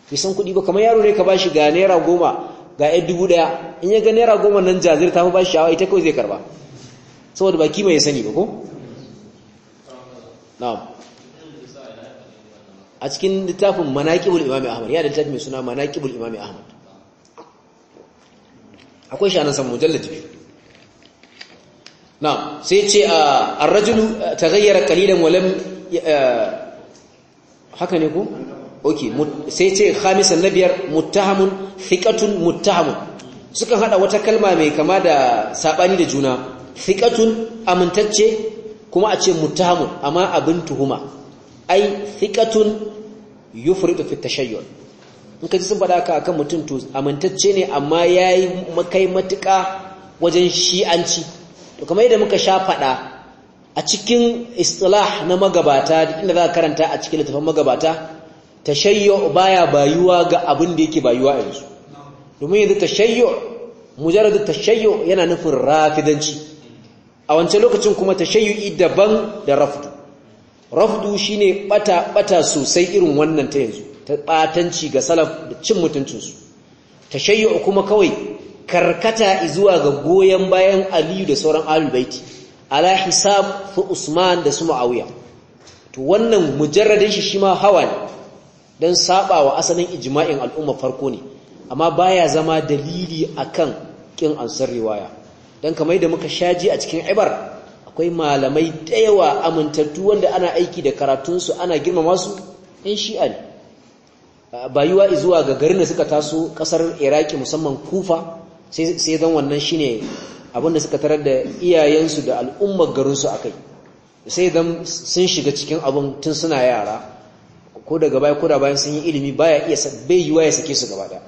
bai san kudi ba kamar yaro ne ka ba shi ga naira goma ga yan dubu daya in ya ga naira goma nan jazir ta fi ba shi shawa ita kawai zai karba saboda ba kima mai sani ba ko na'am a cikin littafin Manaƙibul Imami ahmad ya da littafin mai suna Manaƙibul Imami ahmad akwai shi anan san Na sai ce a rajulu ta zayyara ƙalilan walam eh, haka ne ku? okay sai ce khamisan biyar muttahamun fiƙatun muttahamun suka hada wata kalma mai kama da saɓani da juna fiƙatun amintacce kuma a ce muttahamun amma abin tuhuma ai thiqatun yufridu fi tashayyun in ka ji sun faɗa ka akan mutum to amintacce ne amma yayi makai matuka wajen shi'anci to kamar yadda muka sha faɗa a cikin istilah na magabata inda za karanta a cikin littafin magabata tashayyu baya bayuwa ga abin da yake bayuwa a yanzu domin yanzu tashayyu mujarrad tashayyu yana nufin rafidanci a wancan lokacin kuma tashayyu'i daban da rafdu rafdu shine bata bata sosai irin wannan ta yanzu ta batanci ga salaf da cin mutuncinsu tashayyu kuma kawai karkata zuwa ga goyen bayan aliyu da sauran ahlul baiti ala hisab fi usman da su muawiya to wannan mujarradin shi shima hawa ne dan sabawa asalin ijma'in al'umma farko ne amma baya zama dalili akan kin ansar riwaya don kamar da muka shaji a cikin ibar akwai malamai da yawa amintattu wanda ana aiki da karatunsu ana girmama su in shi'a ne bayuwa zuwa ga garin da suka taso kasar iraki musamman kufa sai zan wannan shi ne abinda suka tarar da iyayensu da al'ummar garinsu akai sai zan sun shiga cikin abin tun suna yara ko daga baya ko da bayan sun yi ilimi baya iya bai yiwa ya sake su gaba da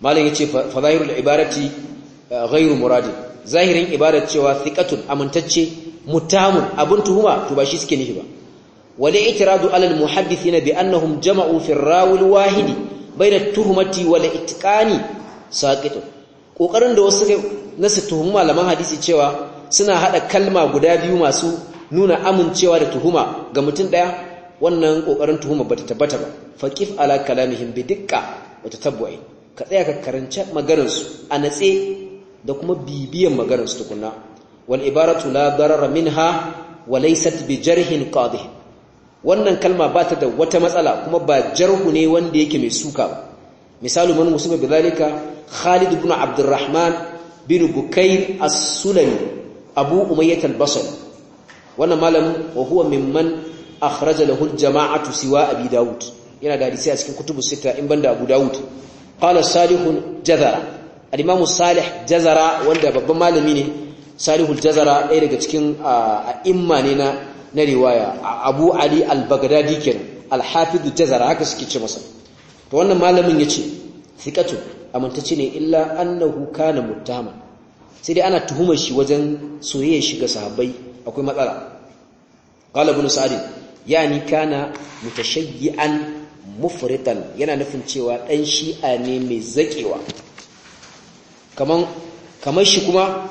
malam ya ce zahirul ibarati ghairu muradin zahirin ibadar cewa thiqatun amintacce mutamun abun tuhuma to ba shi suke nishi ba wala itiradu alal muhaddithina bi annahum jama'u fi rawil wahidi bayna tuhumati wala itqani saqitun kokarin da wasu kai na su tuhumi malaman hadisi cewa suna hada kalma guda biyu masu nuna amincewa da tuhuma ga mutum daya wannan kokarin tuhuma bata tabbata ba faqif ala kalamihim bi dikka wa tatabbu'i ka tsaya ka karanci maganar su a natse da kuma bibiyan maganar su tukunna wal ibaratu la darara minha wa laysat bi jarhin qadih wannan kalma ba ta da wata matsala kuma ba jarhu ne wanda yake mai suka ba misalu man musuba bidhalika Khalid ibn Abdurrahman bin Bukair as-Sulami Abu Umayyah al wannan malam wa huwa mimman akhraja lahu al-jama'atu siwa Abi daud. yana da hadisi a cikin kutubus sita in banda Abu daud. qala salihun jazara al imam salih jazara wanda babban malami ne salihul jazara ɗaya daga cikin a'imma ne na na riwaya abu ali al-baghdadi kenan al-hafiz jazara haka suke ce masa to wannan malamin yace thiqatu amintaci ne illa annahu kana muttama sai dai ana tuhumar shi wajen soyayya shi ga sahabbai akwai matsala qala ibn sa'id yani kana mutashayyi'an mufritan yana nufin cewa dan shi'a ne mai zakewa kamar shi kuma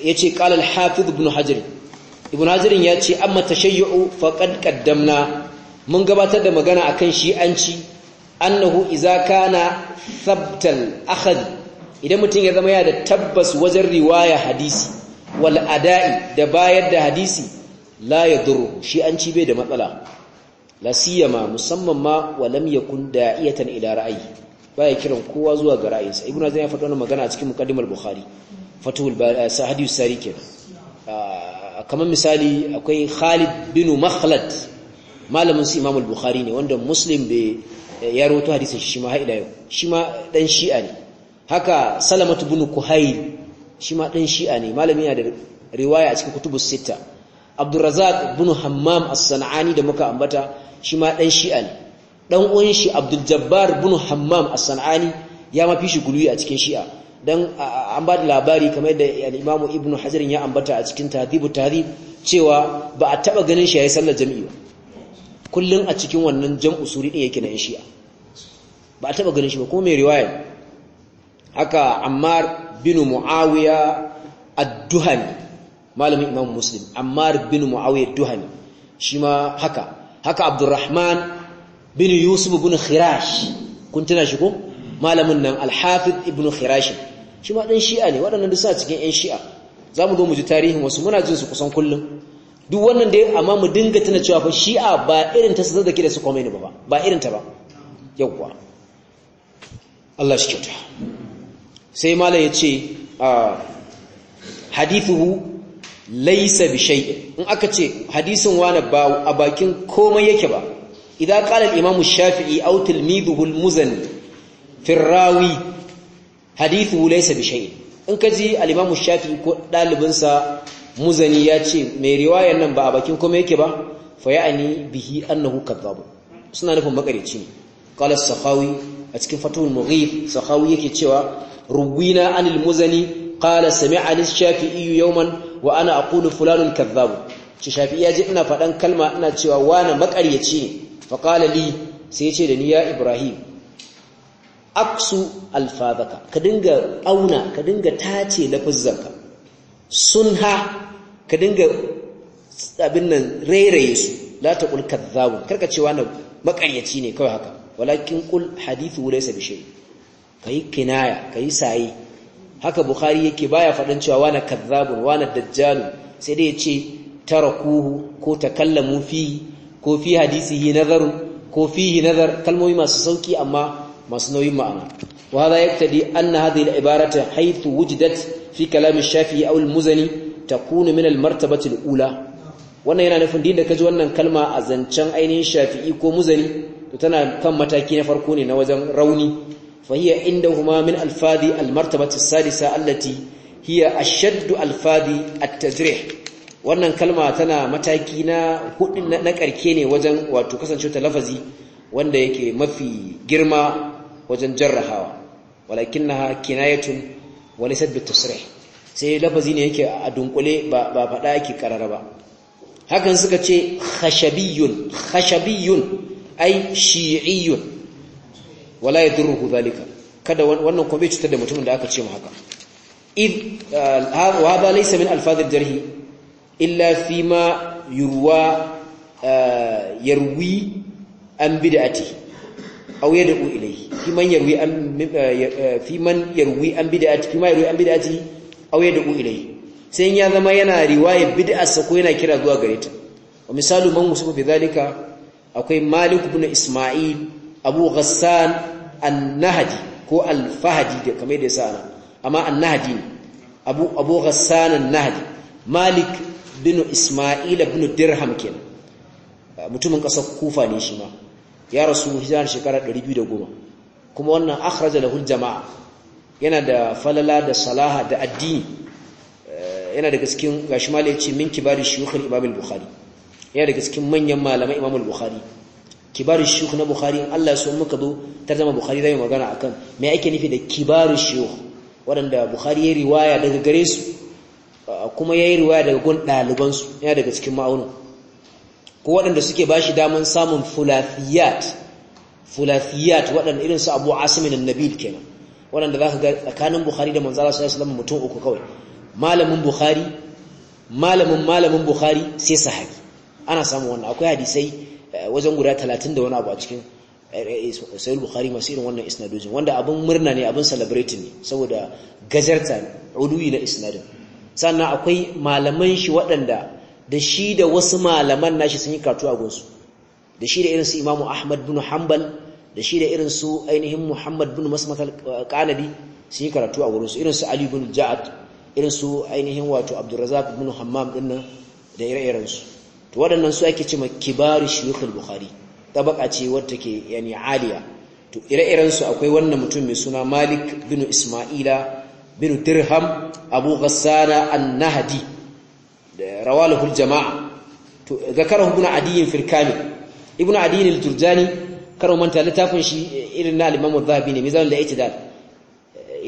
yace kalar al-hafiz ibn hajar ibn ya ce, amma tashayyu faqad qaddamna mun gabatar da magana akan shi ci, annahu izaka na thabtal akhadh idan mutum ya zama ya da tabbas wajen riwaya hadisi wal ada'i da bayar da hadisi la yadurru shi an ci bai da matsala la siyama musamman ma walam yakun da'iyatan ila ra'ayi baya kiran kowa zuwa ga ra'ayinsa ibnu azan ya faɗa na magana a cikin muqaddimar bukhari fatul eh, sahadi sari ah, kamar misali akwai khalid bin makhlad malamin su imamul bukhari ne wanda muslim bai eh, ya rawaito hadisin shi ma haida yau shi ma dan shi'a ne haka salamatu bin kuhayl shi ma dan shi'a ne malamin yana da riwaya a cikin kutubus sita abdurrazzaq bin hammam as-sanani da muka ambata shi ma dan shi'a ne dan uwan shi Abdul Jabbar ibn Hammam as-Sanani ya mafi shi guluyi a cikin Shi'a dan an ba da labari kamar da al-Imam Ibn Hajar ya ambata a cikin Tahdhibu at-Tahdhib cewa ba a taba ganin shi yayin sallar jami'i ba kullun a cikin wannan jam'u suri din yake na Shi'a ba a taba ganin shi ba kuma mai riwaya haka Ammar bin Muawiya ad-Duhani malamin Imam Muslim Ammar bin Muawiya ad-Duhani shi ma haka haka Abdurrahman bin yusuf bin khirash kun tana shi ko malamin nan alhafid ibnu ibn khirash shi ma dan shi'a ne waɗannan duk suna cikin ƴan shi'a zamu zo mu ji tarihin wasu muna jin su kusan kullum duk wannan da amma mu dinga tana cewa fa shi'a ba irin ta sadda da su komai ne ba ba irin ta ba yauwa Allah shi kyauta sai mala yace ah, hadithuhu laysa bi shay'in in aka ce hadisin wani ba a bakin komai yake ba إذا قال الإمام shafi'i أو تلميذه المزني في الراوي حديثه ليس بشيء in ka ji a alimamu shafi'i ko ɗalibinsa muzani ya ce mai riwayar nan ba a bakin kuma yake ba fa ya'ani bihi annahu kadhabu suna nufin makarici ne qala sakhawi a cikin fatul mughith sakhawi yake cewa ruwina anil muzani qala sami'a ash-shafi'i yawman wa ana aqulu fulanun kadhabu shafi'i ya ji ina faɗan kalma ina cewa wana makaryaci ne faƙala li sai ya ce da ni ya ibrahim aksu alfazaka ka dinga auna ka dinga tace lafizzanka sunha ka dinga abin nan rairaye su la taqul kadhab karka cewa na makaryaci ne kawai haka walakin qul hadithu laysa bishay kai kinaya kai sai haka bukhari yake baya faɗin cewa wana kadhabun wana dajjal sai dai yace tarakuhu ko takallamu fi ko fi hadisihi nazar, ko fihi nazar kalmomi masu sauki amma masu nauyin ma'ana wa hadha yaktadi anna hadhihi al-ibarata haythu wujidat fi kalam ash-shafi'i aw al-muzani takunu min al-martabati al-ula wannan yana nufin din da kaji wannan kalma a zancen ainihin shafi'i ko muzani to tana kan mataki na farko ne na wajen rauni fa hiya indahuma min al-fadi al-martabati as-sadisa allati hiya ashaddu al-fadi at-tajrih wannan kalma tana mataki na hudu na karke ne wajen wato kasance ta lafazi wanda yake mafi girma wajen jarrahawa walakinnaha kinayatun wa laysat sai lafazi ne yake a dunkule ba ba fada yake karara ba hakan suka ce khashabiyun khashabiyun ai shi'iyun wala yadurruhu zalika kada wannan kuma bai cutar da mutumin da aka ce mu haka id ah, hada laysa min alfadhil jarhi illa fi ma yurwa eh, yarwi an bid'ati aw yad'u ilayhi fi man yarwi an eh, fi man yarwi an bid'ati fi ma yarwi an bid'ati aw yad'u ilayhi sai ya zama yana riwaya bid'arsa ko yana kira zuwa gare ta wa misalu man usufa bi zalika akwai malik ibn isma'il abu ghassan an-nahdi ko al-fahdi da kamar da yasa amma an-nahdi abu abu ghassan an-nahdi malik bin Isma'ila binu Dirham kenan mutumin ƙasar Kufa ne shi ma ya rasu hijirar shekara 210 kuma wannan akhraja lahul jama'a yana da falala da salaha da addini eh, yana daga cikin gashi ma ya min kibari shuyukh al-Imam al-Bukhari yana daga cikin manyan malamai Imam al-Bukhari kibaru shuyukh na Bukhari in Allah ya so muka zo tarjuma Bukhari zai magana akan me ake nufi da kibaru shuyukh waɗanda Bukhari ya riwaya daga gare su Ah, kuma ya yi riwaya daga gun ɗalibansu ya daga cikin ma'aunin ko waɗanda suke ba shi daman samun fulafiyat fulafiyat waɗanda irin su Abu Asim nabil kenan waɗanda zaka ga tsakanin Bukhari da Manzo Allah sallallahu mutum uku kawai malamin Bukhari malamin malamin Bukhari sai sahabi ana samun wannan akwai hadisai eh, wajen guda talatin da wani abu a cikin eh, eh, sayar bukhari masu irin wannan isnadojin wanda abin murna ne abin celebrating ne saboda gazarta uluwi na isnadin sannan akwai malaman shi waɗanda da shi da wasu malaman nashi sun yi karatu a gunsu da shi da irin su imamu ahmad bin hanbal da shi da irin su ainihin muhammad bin masmatal kanadi sun yi karatu a wurinsu irin su ali bin ja'ad irin su ainihin wato abdurrazak bin hammam din nan da ire-iren su to waɗannan su ake cewa kibaru shuyukhul bukhari tabaka ce wata ke yani aliya to ire-iren su akwai wannan mutum mai suna malik bin isma'ila bin dirham abu ghassana an-nahdi rawalahu al-jama'a to zakarahu ibn adiy fil kamil ibn adiy al-jurjani karo manta littafin shi irin na al-imam az-zahabi ne mizan da itidal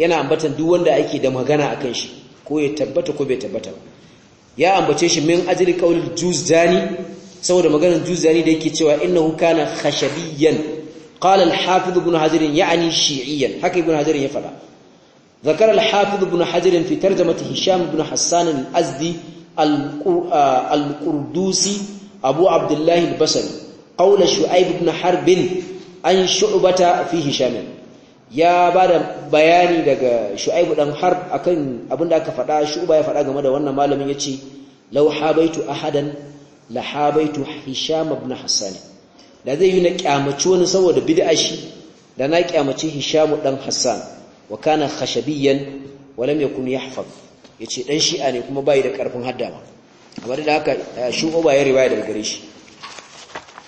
yana ambatan duk wanda ake da magana akan shi ko ya tabbata ko bai tabbata ya ambace shi min ajli qaulil juzjani saboda maganar juzjani da yake cewa innahu kana khashabiyan qala al-hafiz ibn hajar ya'ni shi'iyan haka ibn hajar ya faɗa. ذكر الحافظ بن حجر في ترجمة هشام بن حسان الأزدي القردوسي أبو عبد الله البصري قول شعيب بن حرب عن شعبة في هشام ya ba da bayani daga shu'aibu dan harb akan abinda aka faɗa shu'ba ya faɗa game da wannan malamin yace law habaitu ahadan la habaitu hisham ibn hasan da zai yi na kyamaci wani saboda bid'a shi da na kyamaci hisham dan Hassan. wa kana khashabiyan wa lam yakun yahfaz yace dan shi'a ne kuma bai da karfin hadda ba da haka eh, shu'uba baya riwaya daga gare shi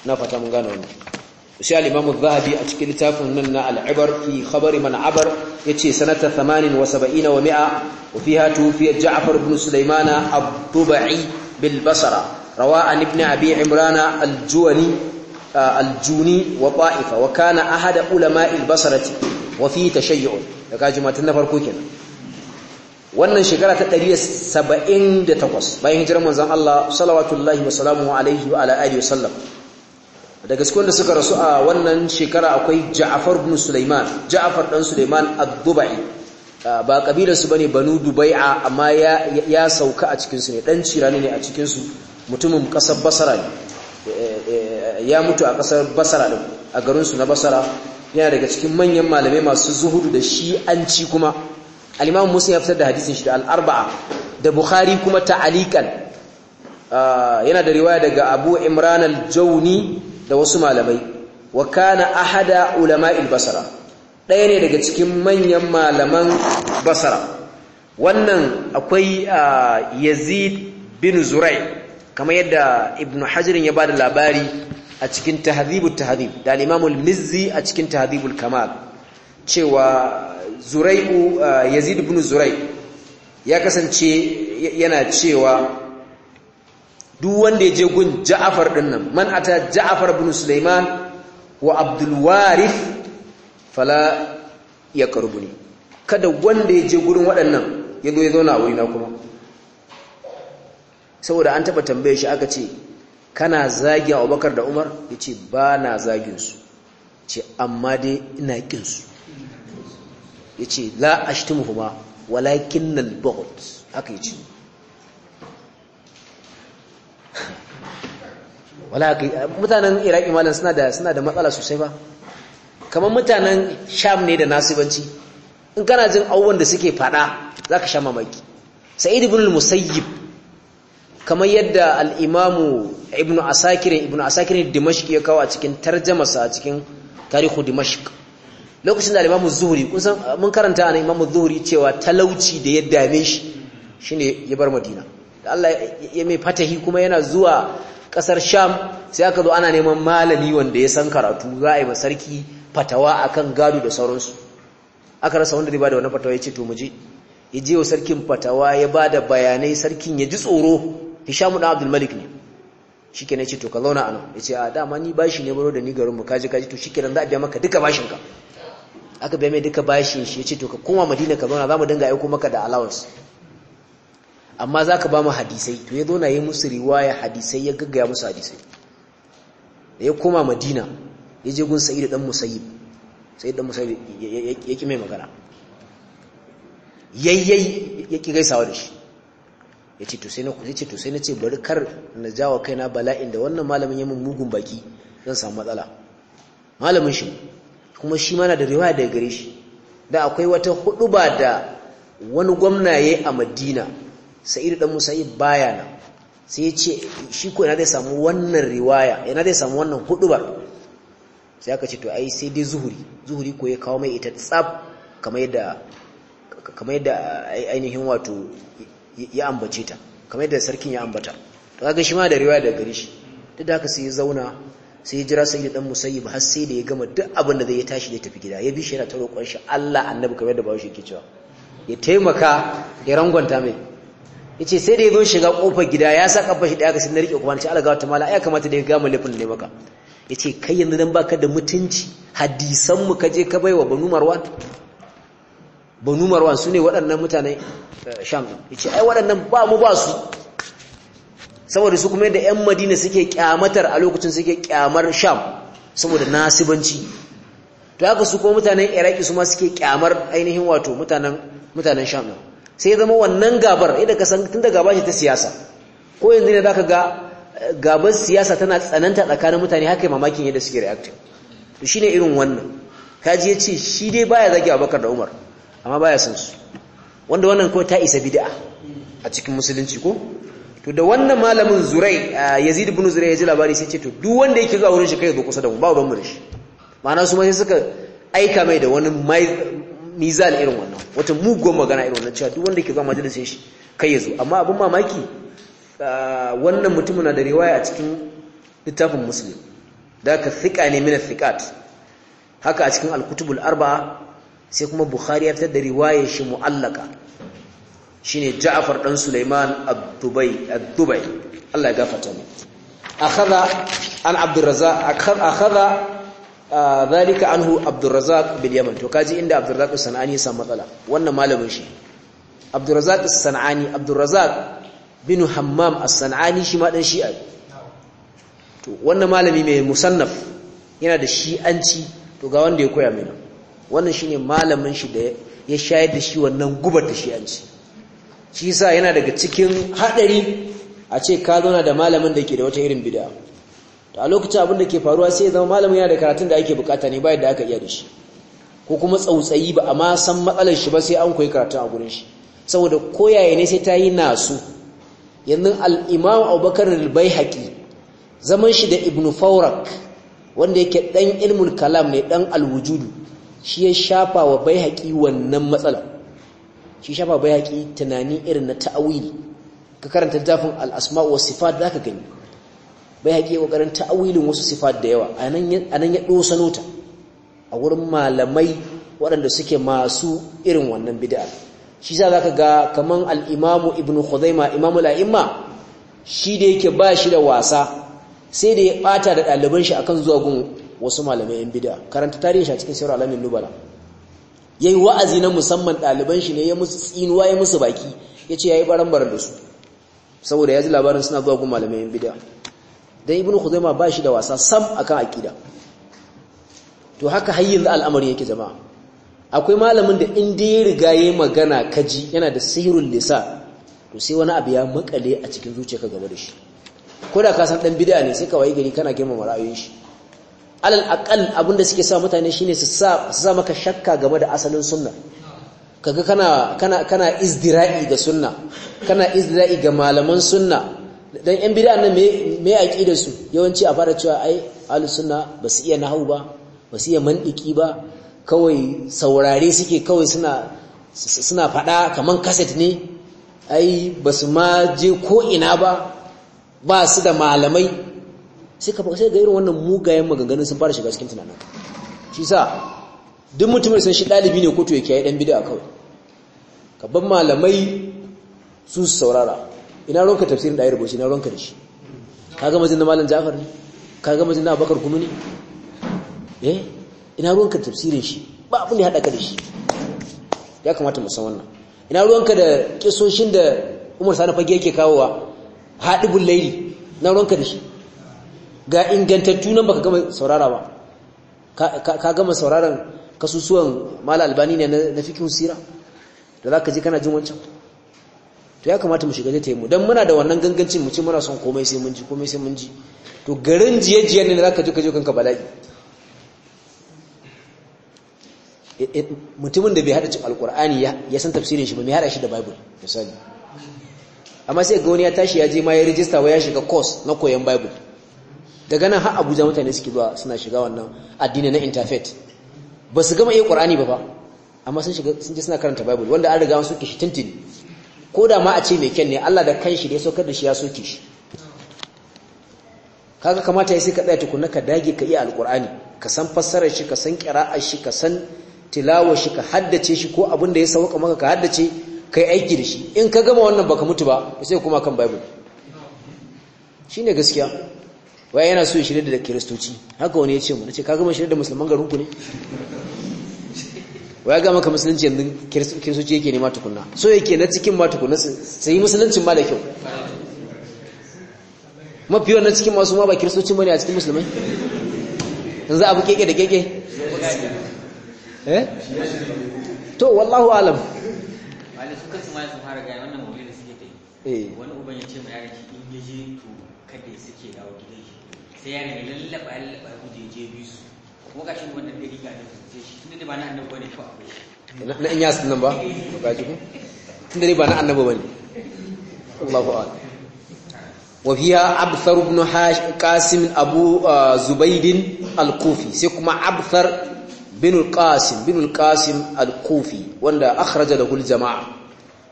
na fata mun gano ne sai al-imam az-zahabi a cikin littafin nan na al-ibar fi man abar yace sanata 78 wa 100 wa fiha tufiya ja'far ibn sulaymana abduba'i tubai bil basra rawa an ibn abi imrana al-juwani الجوني وطائفة وكان أحد علماء البصرة وفيه تشيع da kaji matan na farko kenan wannan shekara ta 178 bayan hijirar manzon Allah salawatullahi wa salamu alaihi wa ala alihi wasallam daga cikin da suka rasu a wannan shekara akwai Ja'far ibn Sulaiman Ja'far dan Sulaiman ad-Dubai ba kabilar su bane Banu Dubai'a amma ya ya sauka a cikin su ne dan cirani ne a cikin su mutumin kasar Basra e, e, ya mutu a kasar Basra din a garin su na Basra yana daga cikin manyan malamai masu zuhudu da shi'anci kuma alimamin musu ya fitar da hadisun shi da al da bukhari kuma ta'alikan ah, yana da riwaya daga abu imran al da wasu malamai wa kana ahada ulama'il basra ɗaya ne daga cikin manyan malaman basra wannan akwai ah, yazid bin zurai kamar yadda ibnu hajirin ya ba da labari a cikin tahdhibut tahdhib da imamul mizzi a cikin tahdhibul kamal cewa Zuraibu, yazid ibn zurai ya kasance yana cewa duk wanda ya je gun jafar din nan man ata ja'afar ibn sulaiman wa abdul warif fala yaqrubuni kada wanda ya je gurin waɗannan ya zo ya zauna a na kuma saboda an taba tambaye shi aka ce kana zagi a abubakar da umar ya ce ba na su ce amma dai ina su ya ce la kuma walakin nal bughd aka yi ce mutanen iraki malin suna da suna da matsala sosai ba kamar mutanen sham ne da nasibanci in kana jin auwan da suke fada za ka sha mamaki sa'id ibn musayyib kamar yadda al'imamu ibn asakirin ibn asakirin dimashik ya kawo a cikin tarjamasa a cikin tarihu dimashik lokacin da al'imamu zuhuri mun karanta a imamu zuhuri cewa talauci da ya dame shi shi ne ya bar madina da allah ya mai fatahi kuma yana zuwa ƙasar sham sai aka zo ana neman malami wanda ya san karatu za a yi masarki fatawa a kan gado da sauransu aka rasa wanda zai ba da wani fatawa ya ce to mu je ya sarkin fatawa ya ba da bayanai sarkin ya ji tsoro hisham da abdul malik ne shikenan yace to ka zauna anan yace a dama ni bashi ne baro da ni garin mu kaji kaji to shikenan za a biya maka duka bashin ka aka biya mai duka bashin shi yace to ka koma madina ka zauna zamu dinga aiko maka da allowance amma zaka ba mu hadisai to ya zo na yi musu riwaya hadisai ya gaggaya musu hadisai da ya koma madina ya je gun sa'id dan musayyib sa'id dan musayyib ya ki mai magana yayyai ya ki gaisawa da shi yace to sai na yace to sai na ce bari kar na jawa kaina bala'in da wannan malamin yayin mugun baki zan samu matsala malamin shi kuma shi ma na da riwaya daga gare shi da akwai wata huduba da wani gwamna yayi a Madina Sa'id dan Musayyib baya na sai ya ce shi ko yana zai samu wannan riwaya yana zai samu wannan hudubar sai aka ce to ai sai dai zuhuri zuhuri ko ya kawo mai ita tsab kamar yadda kamar yadda ainihin wato ya ambace ta kamar yadda sarkin ya ambata to kaga shi ma da riwaya da gari shi duk da haka sai ya zauna sai ya jira sai da dan musayyib har sai da ya gama duk abin da zai ya tashi da tafi gida ya bi shi yana ta roƙon shi Allah annabi kamar yadda bawo shi yake cewa ya taimaka ya rangwanta mai yace sai da ya zo shiga kofar gida ya sa kafar shi daya ga na rike kuma ce Allah gawa ta mala ai kamata da ya gama lafin ne maka yace kai yanzu dan baka da mutunci hadisan mu kaje ka baiwa banu marwan banu marwan su ne waɗannan mutane eh, sham ya ce ai waɗannan ba mu ba su saboda su kuma yadda 'yan madina suke kyamatar a lokacin suke kyamar sham saboda nasibanci to haka su kuma mutanen iraki su ma suke kyamar ainihin wato mutanen sham ɗin sai zama wannan gabar yadda ka san tun da gaba ce ta siyasa ko yanzu ne za ka ga eh, gabar siyasa tana tsananta tsakanin mutane haka mamakin yadda suke reactive to shine irin wannan kaji ya ce shi dai baya zagi bakar da umar amma baya san su wanda wannan ko ta isa bid'a a cikin musulunci ko to da wannan malamin Zurai Yazid ibn Zurai ya ji labari sai ce to duk wanda yake zuwa wurin shi kai zo kusa da mu ba ban murshi ma'ana su ma sai suka aika mai da wani mizal irin wannan wata muguwar magana irin wannan cewa duk wanda yake zuwa majalisar shi kai ya zo amma abin mamaki wannan mutumin na da riwaya a cikin littafin Muslim da ka thiqa ne min thiqat haka a cikin al-kutubul arba'a sai kuma bukhari ya fitar da riwayar shi mu'allaka shine ja'far dan sulaiman ad-dubai ad-dubai Allah ya gafarta mu akhadha an abdurrazzaq akhadha zalika ah, anhu abdurrazzaq bil yaman to kaji inda abdurrazzaq sanani ya samu matsala wannan malamin shi abdurrazzaq sanani abdurrazzaq bin hammam as-sanani shi ma dan shi'a to wannan malami mai musannaf yana da shi'anci to ga wanda ya koya mai wannan shine malamin shi da ya shayar da shi wannan gubar da shi an ci shi yasa yana daga cikin hadari a ce ka zauna da malamin da ke da wata irin bid'a to a lokacin abin da ke faruwa sai ya zama malamin yana da karatun da ake bukata ne bayan da aka iya da shi ko kuma tsautsayi ba amma san matsalar shi ba sai an koyi karatun a gurin shi saboda koyaye ne sai ta yi nasu yanzu al-Imam Abubakar al-Baihaqi zaman shi da Ibn Faurak, wanda yake ɗan ilmul kalam ne dan alwujudu. shi ya shafa wa bai haƙi wannan matsala shi shafa bai haƙi tunani irin na ta'awili ka karanta tafin al'asma wa sifat aka gani Bai haƙi ya ƙoƙarin ta'awilin wasu sifat da yawa a nan ya dosano ta a wurin malamai waɗanda suke masu irin wannan bid'a shi za ka ga kaman Al'imamu Ibn ibnu khuzaima imamu la'imma shi da yake ba shi da wasa sai da ya ɓata da ɗaliban shi akan zuwa gun wasu malamai yan bid'a karanta tarihi a cikin sirr alamin nubala yayi wa'azi na musamman ɗaliban shi ne ya musu tsinuwa ya musu baki Ya yace yayi baran baran da su saboda ya ji labarin suna zuwa gun malamai yan bid'a dan ibnu khuzaima ba shi da wasa sam akan aqida to haka hayyin al'amari yake jama'a akwai malamin da in dai ya riga yayi magana kaji yana da sihirul lisa to sai wani abu ya makale a cikin ka gaba da shi ko da ka san dan bid'a ne sai ka gari kana girmama ra'ayoyin shi alal aqal abinda suke sa mutane shine su sa su sa maka shakka game da asalin sunna kaga kana kana kana izdira'i ga sunna kana izdira'i ga malaman sunna dan yan bid'a nan me me aqidar su yawanci a fara cewa ai ahlus sunna basu iya nahwu ba basu iya mandiki ba kawai saurare suke kawai suna suna fada kaman cassette ne ai basu ma je ko ina ba ba su da malamai sai ka sai ga irin wannan mugayen maganganun sun fara shiga cikin tunanin shi sa duk mutumin san shi dalibi ne ko to yake yayi dan bid'a kawai ka ban malamai su saurara ina ronka tafsirin da ayar boshi ina ronka da shi kaga mazin da malam Ja'far ne kaga mazin da Abubakar kuma ne eh ina ka tafsirin shi ba abin da hada ka da shi ya kamata mu san wannan ina ka da kisoshin da Umar Sani fage yake kawowa haɗibul layli ina ruwanka da shi ga ingantattu nan baka gama saurara ba ka gama sauraron kasusuwan mala albani ne na fikin sira da za ka ji kana jin wancan to ya kamata mu shiga zai taimu don muna da wannan gangancin mu ce muna son komai sai mun ji komai sai mun ji to garin jiyajiyar jiyen ne za ka ji ka kanka bala'i e, e, mutumin da bai hada cin alkur'ani ya san tafsirin shi ba mai hada shi da bible misali amma sai ga wani ya tashi ya je ma ya rijista wa ya shiga course na koyon bible daga nan har abuja mutane suke zuwa suna shiga wannan addini na interfaith ba su gama iya ƙwarani ba ba amma sun shiga sun je suna karanta bible wanda an riga suke shi tuntuni ko da ma a ce mai kyan ne Allah da kanshi da ya saukar da shi ya soke shi kaga kamata ya sai ka tsaya tukunna ka dage ka iya Alƙur'ani ka san fassarar shi ka san qira'ar shi ka san tilawar shi ka haddace shi ko abin da ya sauka maka ka haddace kai aiki da shi in ka gama wannan baka mutu ba sai kuma kan bible shine gaskiya wa yana so ya shirya da kiristoci haka wani ya ce mu nace ka gama shirya da musulman garin ku ne ya gama ka musulunci yanzu kiristoci yake nema tukunna so yake na cikin ma tukunna yi musuluncin ma da kyau mafi wannan cikin masu ma ba kiristoci bane a cikin musulmai yanzu abu keke da keke eh to wallahu alam wani su ma fara wannan maulidi suke eh. wani uban ya ce yaran shi in yaje to suke dawo gidan sai ya ne lallaba lallaba ya guje je bi su kuma ga shi wannan da riga da fice shi ba na annabi bane ko akwai na in ya sunan ba ga ji ba na annabi bane Allahu akbar وفيها بن حاش قاسم زبيد الكوفي بن القاسم بن القاسم الكوفي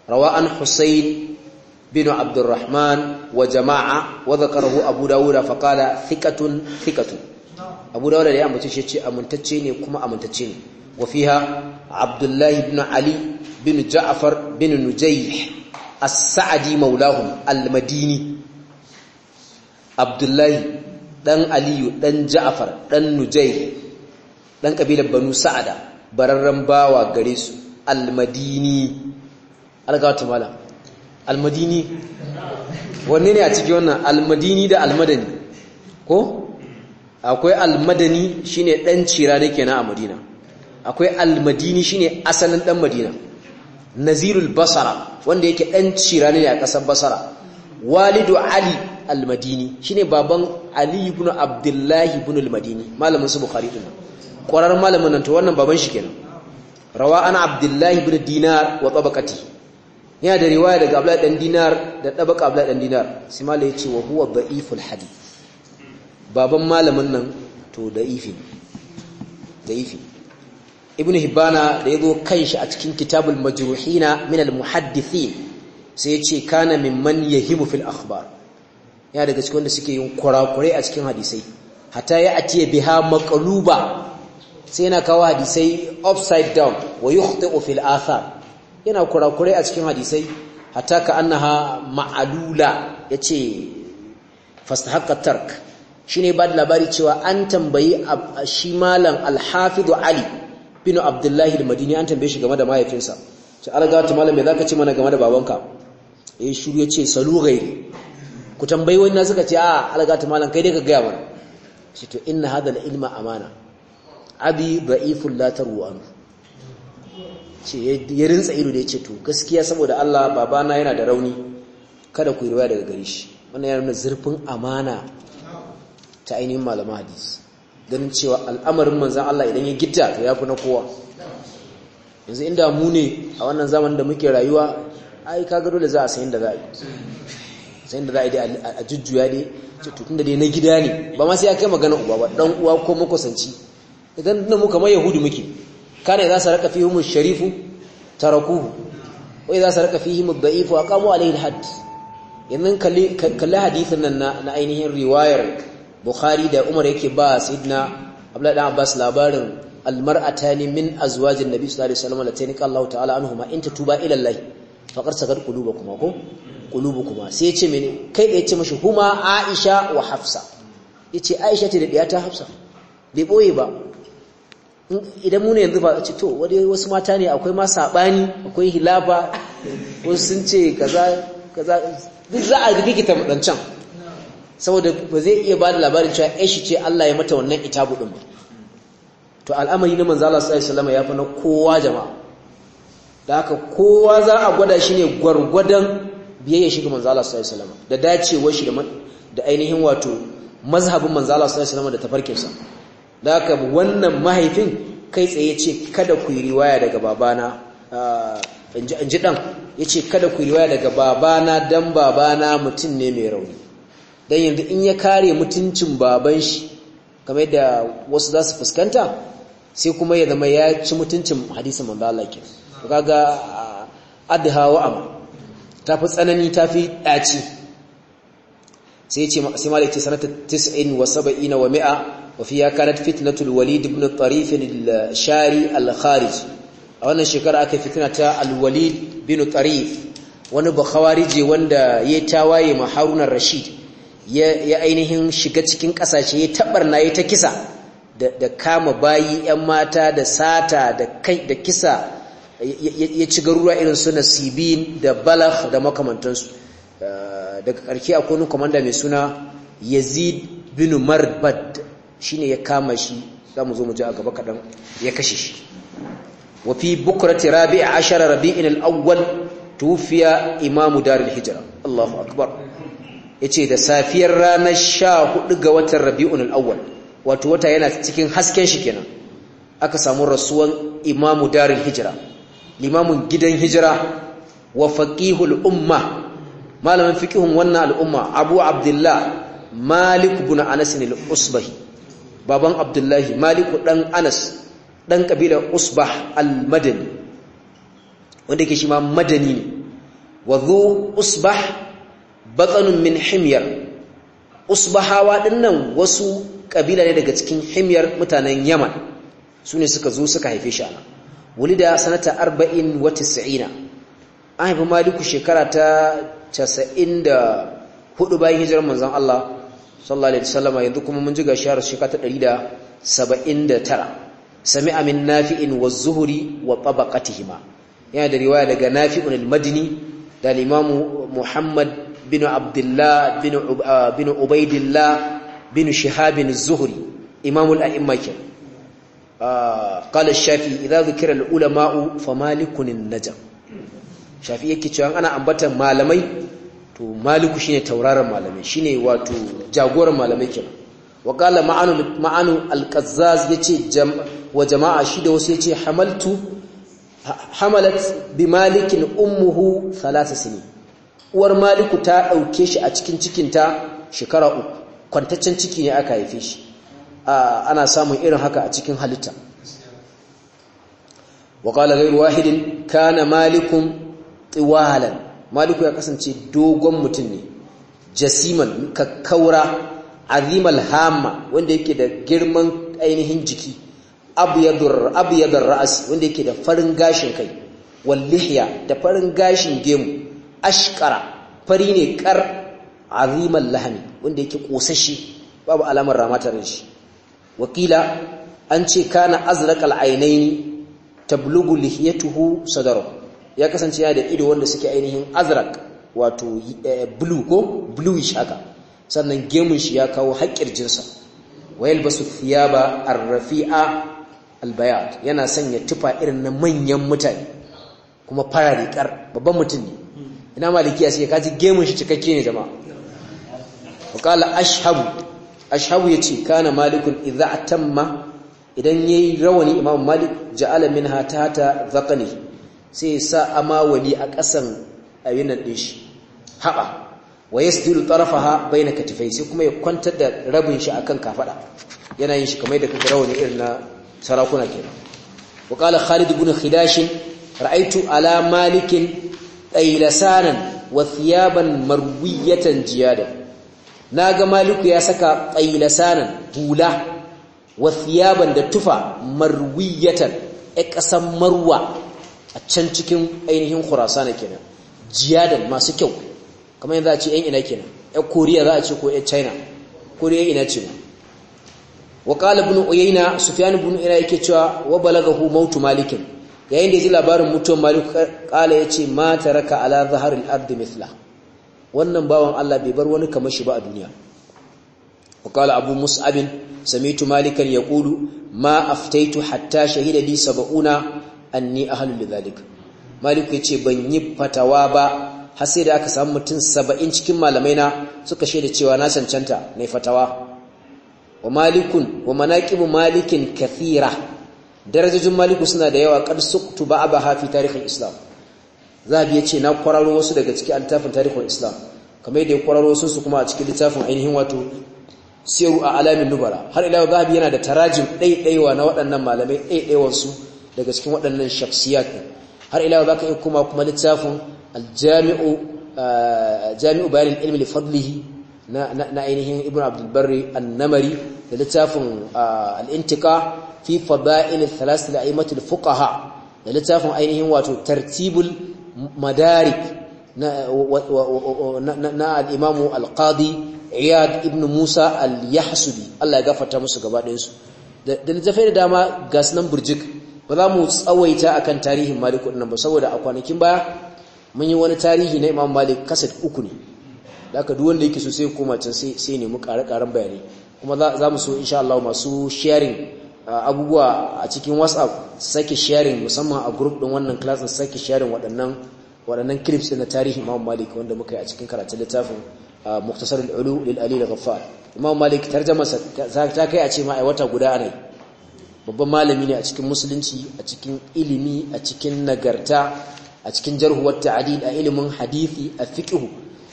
له حسين بن عبد الرحمن وجماعة وذكره أبو داود فقال ثقة ثقة أبو داود يا متشيتشي أمنتشيني كما أمنتشيني وفيها عبد الله بن علي بن جعفر بن نجيح السعدي مولاهم المديني عبد الله دان علي دان جعفر دان نجيح دان قبيلة بنو سعدة بررن باوا غريسو المديني algawata malam almadini wanne ne a ciki wannan almadini da almadani ko akwai almadani shine dan cira ne kenan a madina akwai almadini shine asalin dan madina nazirul basara wanda yake dan cira ne a kasar basara walidu ali almadini shine baban ali ibn abdullahi ibn almadini malamin su bukhari din ƙwararren malamin nan to wannan baban shi kenan rawa ana abdullahi ibn dinar wa tabaqati yana da riwaya daga abla dan dinar da dabaka abla dan dinar sai malai yace wa huwa da'iful hadith baban malamin nan to daifin daifin. Ibn hibana da yazo kanshi a cikin kitabul majruhina min al muhaddithin sai yace kana mimman yahimu fil akhbar ya daga cikin wanda suke yin kurakurai a cikin hadisai hatta ya atiya biha maqluba sai yana kawo hadisai upside down wa yukhti'u fil athar yana kurakurai a cikin hadisai hatta ka annaha ma'alula yace fastahaqqa tark shine ba da labari cewa an tambayi shi malam al-hafiz ali bin abdullahi al-madini an tambaye shi game da mahaifinsa ce algawata malam me zaka ce mana game da babanka eh shiru yace salu ghairi ku tambayi wani suka ce a algawata malam kai dai ka gaya mana ce to inna hadha al-ilma amana abi da'iful la taru anhu ya rintsa ido da ya ce to gaskiya saboda Allah babana yana da rauni kada ku yi ruwa daga gare shi wannan yana nuna zurfin amana ta ainihin malama hadis ganin cewa al'amarin manzan Allah idan ya gita to ya fi na kowa yanzu inda mu ne a wannan zaman da muke rayuwa ai kaga dole za a sayin da za a yi sayin da za a yi dai a jujjuya ne ce to da dai na gida ne ba ma sai ya kai magana uba ba ɗan uwa ko makwasanci idan tunda mu kamar yahudu muke kana idza saraka fihim ash-sharifu tarakuhu wa idza saraka fihim ad-da'ifu aqamu alayhi al-hadd yanzu kalli kalli hadisin nan na ainihin riwayar bukhari da umar yake ba sayyidina abdullahi dan abbas labarin al min azwajin nabi sallallahu alaihi wasallam latani qallahu ta'ala anhuma in tatuba ila allahi faqad sagar qulubukuma ko qulubukuma sai yace mene kai da yace mashi huma aisha wa hafsa yace aisha ce da diyata hafsa bai boye ba idan mu ne yanzu ba ce to wani wasu mata ne akwai ma sabani akwai hilafa wasu sun ce kaza kaza duk za a ta madancan saboda ba zai iya ba da labarin cewa shi ce Allah ya mata wannan ita din ba to al'amari na Manzala Allah sallallahu ya fi na kowa jama'a da haka kowa za a gwada shi ne gwargwadon biyayya shi ga manzala Allah sallallahu da dacewar shi da ainihin wato mazhabin Manzala Allah sallallahu alaihi da tafarkinsa da wannan mahaifin kai tsaye ce kada ku yi riwaya daga babana in ji ɗan ya ce kada ku yi riwaya daga babana don babana mutum ne mai rauni don yanzu in ya kare mutuncin baban shi kamar yadda wasu za su fuskanta sai kuma ya zama ya ci mutuncin hadisa manzo Allah ke kaga adha wa am fi tsanani tafi ɗaci. sai ce sai ce sanata 97 wa 70 wa وفيها كانت فتنة الوليد بن الطريف A wannan shekara شكرا اكي ta الوليد بن الطريف wani bakhawarije wanda ya tawaye ma Haruna Rashid ya ainihin shiga cikin kasashe ya tabarna ya ta kisa da kama bayi yan mata da sata da kisa ya ci garuruwa irin su nasibi da Balagh da makamantansu daga ƙarshe akwai wani komanda mai suna Yazid bin Marbad shine ya kama shi zamu zo mu ji a gaba kadan ya kashe shi wa fi bukrati rabi'a ashara rabi'in al-awwal tufiya imamu darul hijra Allahu akbar yace da safiyar ranar 14 ga watan rabi'un al-awwal wato wata yana cikin hasken shi kenan aka samu rasuwan imamu darul hijra limamin gidan hijira wa faqihul umma malamin fiqihun wannan al'umma abu abdullah malik ibn anas al-usbahi baban abdullahi maliku dan anas dan kabilar usbah al-madani wanda yake shi ma madani ne wa dhu usbah batanun min himyar usbahawa dinnan wasu kabila ne daga cikin himyar mutanen yaman su ne suka zo suka haife shi ana wulida sanata arba'in Sa'ina, an haifi maliku shekara ta hudu bayan hijirar manzon Allah sallallahu alaihi wasallam yanzu kuma mun ji ga shahar shekara ta 179 sami'a min nafi'in wa zuhri wa tabaqatihima yana da riwaya daga nafi'un al-madini da al-imam muhammad bin abdullah bin ah, bin ubaidillah bin shihab az-zuhri imam al-a'imma ke قال الشافعي إذا fa malikun فمالك النجم shafi yake cewa ana ambata malamai to maliku shine tauraron malamai shine wato jagoran malamai kenan wa qala ma'anu ma'anu al-qazzaz yace wa jama'a shi da wasu yace hamaltu hamalat bi malikin ummuhu thalatha sini uwar maliku ta ɗauke shi a cikin cikinta shekara uku kwantaccen ciki ne aka haife shi ana samun irin haka a cikin halitta wa qala ghayru wahidin kana malikum tiwalan maliku ya kasance dogon mutum ne jasiman kakkaura azimal hama wanda yake da girman ainihin jiki abyadur abyadar ra'asi wanda yake da farin gashin kai wallihya da farin gashin gemu ashkara fari ne kar azimal Lahani wanda yake kosashe babu alamar ramatar shi wakila an ce kana azraqal ainaini tablughu lihyatuhu sadarahu ya kasance ya da ido wanda suke ainihin azrak wato eh, blue ko bluish haka sannan gemun shi ya kawo haƙƙir jinsa wa yalbasu thiyaba Arrafi'a, Albaya yana sanya tufa irin na manyan mutane kuma fara kar babban mutum ne ina malikiya suke kaji gemun shi cikakke ne jama'a wa qala ashhabu ashhabu yace kana malikun idza atamma idan yayi rawani imam malik ja'ala minha tata zaqani sai ya sa amawali a ƙasan abinan ɗin shi haɓa wa ya stilu bai na katifai sai kuma ya kwantar da rabin shi akan kafaɗa yana yin shi kamar da kuka rawani irin na sarakuna kenan wa qala khalid ibn khidashin ra'aitu ala malikin qailasanan wa thiyaban marwiyatan jiyada naga maliku ya saka qailasanan hula wa thiyaban da tufa marwiyatan ƴa kasan marwa a can cikin ainihin khurasana kenan jiyadan masu kyau kamar yanzu a ce yan ina kenan yan koriya za a ce ko yan china koriya ina ce wa qala ibn uyayna sufyan ibn uyayna yake cewa wa balagahu mautu malikin yayin da ji labarin mutuwar malik qala yace ma raka ala zaharil ardi mithla wannan bawan Allah bai bar wani kamar shi ba a duniya وقال abu مصعب Samitu Malikan يقول ma aftaitu حتى hatta shahidadi سبعون anni ahlul lidhalik maliku yace ban yi fatawa ba har sai da aka samu mutum saba'in cikin malamai na suka shaida cewa na cancanta mai fatawa wa malikun wa manaqibu malikin kathira darajojin maliku suna da yawa ba a ba hafi tarihin islam zabi ce na kwararo wasu daga cikin altafin tarihin islam kamar yadda ya kwararo wasu su kuma a cikin littafin ainihin wato siru a alamin nubara har ila biya yana da tarajin ɗaiɗaiwa na waɗannan malamai ɗaiɗaiwansu daga cikin waɗannan shakhsiyat har ila ba ka iya kuma kuma littafin aljami'u uh, jami'u bayan ilmi li fadlihi na ainihin ibn abdul barri an-namari da littafin uh, al-intiqa fi fada'il al-thalath al fuqaha da littafin ainihin wato tartibul madarik na al imam al-qadi Iyad ibn Musa al-Yahsubi Allah ya gafarta musu gaba ɗayansu da littafin da dama ga sunan burjik ba za mu tsawaita a kan tarihin malik nan ba saboda a kwanakin baya mun yi wani tarihi na imam malik kaset uku ne da aka duk wanda yake so sai koma can sai ne nemi ƙare-ƙaren bayanai kuma za mu so insha Allah masu sharing uh, abubuwa a cikin WhatsApp sake sharing musamman a group ɗin wannan klasin sake sharing waɗannan waɗannan clips na tarihi Imam Malik wanda muka yi a cikin karatun littafin uh, muktasar al-Ulu lil Ali al Imam Malik tarjama ta kai a ce ma ai wata guda ne babban malami ne a cikin musulunci a cikin ilimi a cikin nagarta a cikin jarhuwar ta'adil a ilimin hadithi a fiqhu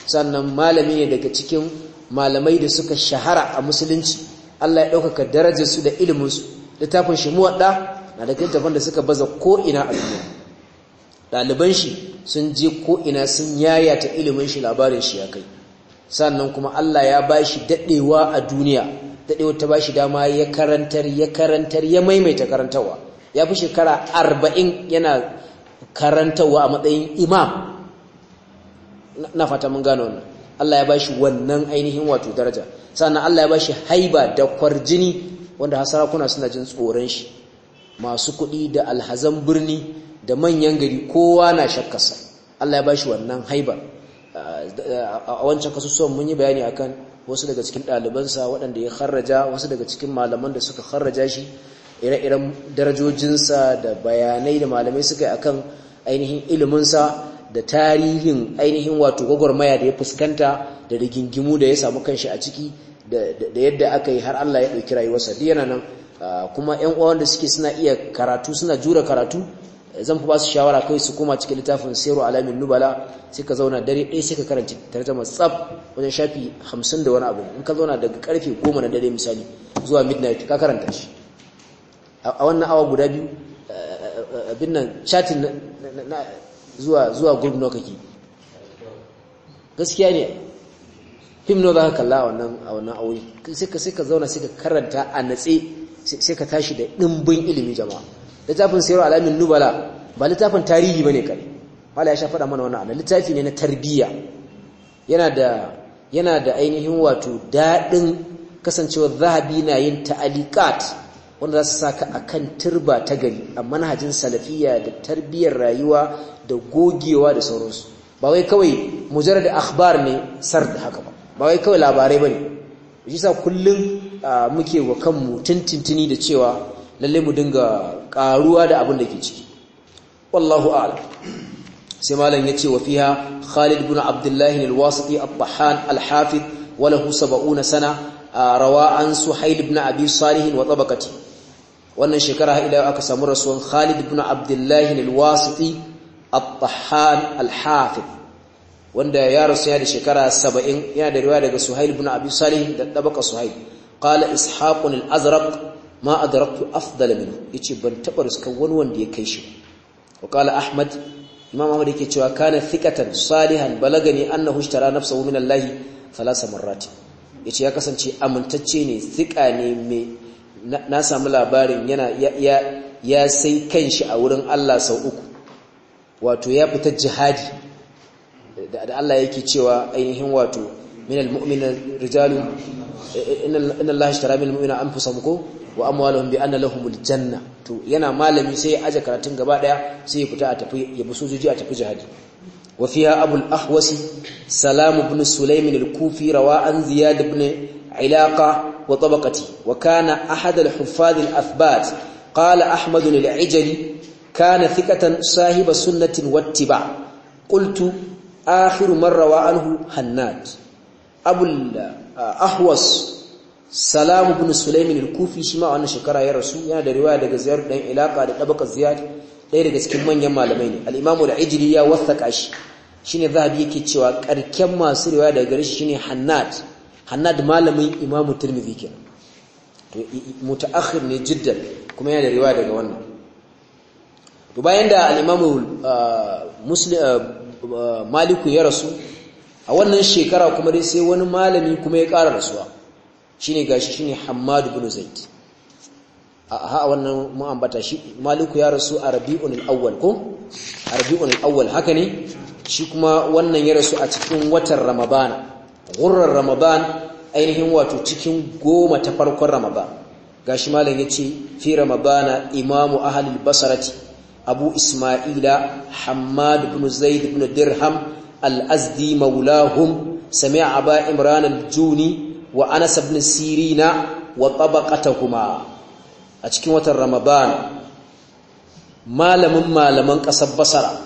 sannan malami ne daga cikin malamai da suka shahara a musulunci Allah ya ɗaukaka darajarsu da ilimin su littafin shi muwadda na daga littafin da suka baza ko'ina a duniya ɗaliban shi sun je ko'ina ina sun yayata ilimin shi labarin shi ya kai sannan kuma Allah ya bashi daɗewa a duniya daɗewar ta ba shi dama ya karantar ya karantar ya maimaita karantarwa ya fi shekara arba'in yana karantarwa a matsayin imam na fata mun gano wannan Allah ya ba shi wannan ainihin wato daraja sannan Allah ya ba shi haiba da kwarjini wanda hasarakuna suna jin tsoron shi masu kuɗi da alhazan birni da manyan gari kowa na shakasa. Allah ya ba shi wannan haiba. a wancan kasusuwan mun yi bayani akan wasu daga cikin ɗalibansa waɗanda ya kharraja wasu daga cikin malaman da suka kharraja shi ire-iren darajojinsa da bayanai da malamai suka yi a kan ainihin iliminsa da tarihin ainihin wato gwagwarmaya da ya fuskanta da rigingimu da ya samu kanshi a ciki da yadda aka yi har Allah ya ɗauki rayuwarsa duk yana nan ah, kuma 'yan uwan da suke suna iya karatu suna jura karatu zan fi ba su shawara kai su koma cikin littafin siru alamin nubala sai ka zauna dare ɗaya sai ka karanta tarjama matsaf, wajen shafi hamsin da wani abu in ka zauna daga karfe goma na dare misali zuwa midnight ka karanta shi a wannan awa guda biyu eh, eh, eh, abin nan chatin zuwa zuwa group nawa kake gaskiya ne fim nawa za ka kalla a wannan a wannan aure sai ka sai ka zauna sai ka karanta a natse sai ka tashi da ɗimbin ilimi jama'a littafin sayar alamin nubala ba littafin tarihi bane kai mala ya sha faɗa mana wannan ana littafi ne na tarbiyya yana da ainihin wato daɗin kasancewar zahabi na yin ta'alikat wanda za su saka akan turba ta gari a manhajin salafiya da tarbiyyar rayuwa da gogewa da sauransu ba wai kawai mujarrad akhbar ne sar da haka ba ba wai kawai labarai bane shi sa kullum ah, muke wa kanmu tuntuntuni da cewa lalle mu dinga karuwa da abin da ke ciki wallahu a'lam sai malam yace wa fiha Khalid ibn Abdullah al-Wasiti al-Tahan al-Hafiz wa lahu 70 sana rawa an Suhail ibn Abi Salih wa tabaqati wannan shekara ila aka samu rasuwan Khalid ibn Abdullah al-Wasiti al-Tahan al wanda ya rasu ya da shekara 70 yana da riwaya daga Suhail ibn Abi Salih da tabaqa Suhail qala Ishaq al-Azraq ma adraktu afdala minhu yace ban taba riskan wani wanda ya kai shi wa qala ahmad imam ahmad yake cewa kana thiqatan salihan balagani annahu ishtara nafsahu min allahi thalath marrat yace ya kasance amintacce ne thiqa ne me na samu labarin yana ya ya sai kanshi a wurin Allah sau uku wato ya fita jihadi da Allah yake cewa ainihin wato من المؤمن رجال إن الله اشترى من المؤمن أنفسهم وأموالهم بأن لهم الجنة تو ينا مالمي سي أجا كراتين غبا ديا سي فتا أتفي يبسو زوجي أتفي جهادي وفيها أبو الأحوس سلام بن سليم الكوفي روى عن زياد بن علاقة وطبقته وكان أحد الحفاظ الأثبات قال أحمد العجلي كان ثقة صاحب سنة واتباع قلت آخر من روى عنه هناد abul uh, ahwas salam ibn sulaimin al-kufi shi ma wannan shekara ya rasu yana da riwaya daga ziyarar dan ilaka da tabaka ziyad ɗaya daga cikin manyan malamai ne al imam al-ijli ya wathaka shi shine zahabi yake cewa karken masu riwaya daga gare shi shine hannad hannad malamin Imam tirmidhi ke to mutaakhir ne jiddan kuma yana da riwaya daga wannan to bayan da al uh, Muslim uh, maliku ya rasu a wannan shekara kuma dai sai wani malami kuma ya ƙara rasuwa shine gashi shine Hammad ibn Zaid a ha wannan mu shi Maliku ya rasu a Rabi'un al-Awwal ko Rabi'un al-Awwal haka ne shi kuma wannan ya rasu a cikin watan Ramadan ghurrar Ramadan ainihin wato cikin goma ta farkon Ramadan gashi malam ce fi Ramadan imamu ahli al Abu Isma'ila Hammad ibn Zaid ibn Dirham al Maulahun, maulahum sami'a aba imran juni wa anas ibn sirina wa tabaqatahuma a cikin watan ramadan malamin malaman ƙasar basara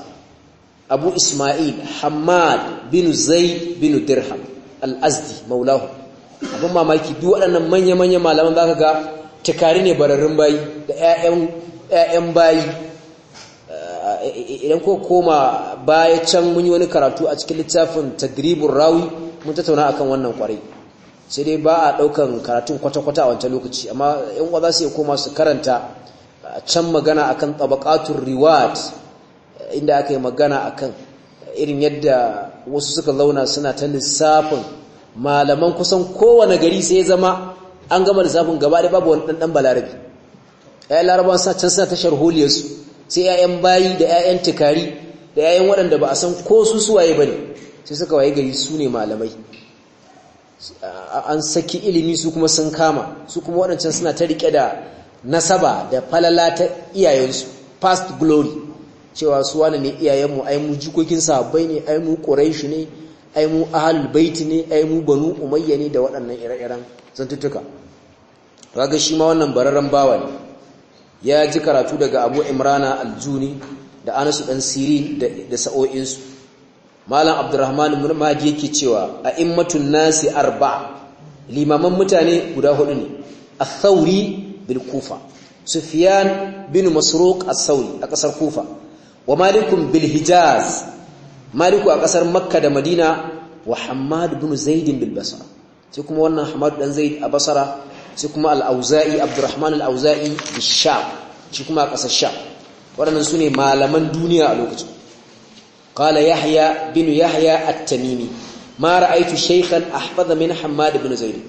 abu isma'il hamad bin zaid bin dirham abin mamaki duk waɗannan manya-manya malaman zaka ga tikari ne bararrun bayi da 'ya'yan bayi idan ko koma baya can mun yi wani karatu a cikin littafin tagribun rawi mun tattauna akan wannan kwarai sai dai ba a daukan karatun kwata-kwata a wancan lokaci amma yan uwa za su koma su karanta can magana akan tabaqatur riwat inda aka yi magana akan irin yadda wasu suka launa suna ta lissafin malaman kusan kowane gari sai zama an gama lissafin gaba da babu wani ɗanɗan balarabi ya yi larabawan sa can suna tashar holiyarsu. sai 'ya'yan bayi da 'ya'yan tukari da 'ya'yan waɗanda ba a san ko su suwaye ba ne sai suka waye gari su ne malamai an saki ilimi su kuma sun kama su kuma waɗancan suna ta riƙe da nasaba da falala ta iyayensu past glory cewa su wane ne iyayenmu ai mu jikokin sabbai ne ai mu quraishi ne ai mu ahal bait ne ai mu banu umayya ne da waɗannan ire-iren zantuttuka kaga shi ma wannan bararren bawa ne ya ji karatu daga abu imrana aljuni da anasu ɗan sirin da sa'o'insu malam abdurrahman murmagi yake cewa a immatun nasi arba limaman mutane guda hudu ne sauri bil kufa Sufiyan bin a sauri a ƙasar kufa wa malikun bil hijaz maliku a ƙasar makka da madina wa hamadu bin Zaidin bil basara sai kuma wannan hamadu dan zaid a Basara. sai kuma al abdurrahman al-auza'i bisham shi kuma a ƙasar waɗannan su ne malaman duniya a lokacin qala yahya binu yahya at-tamimi ma ra'aytu shaykhan ahfadha min hammad ibn zaid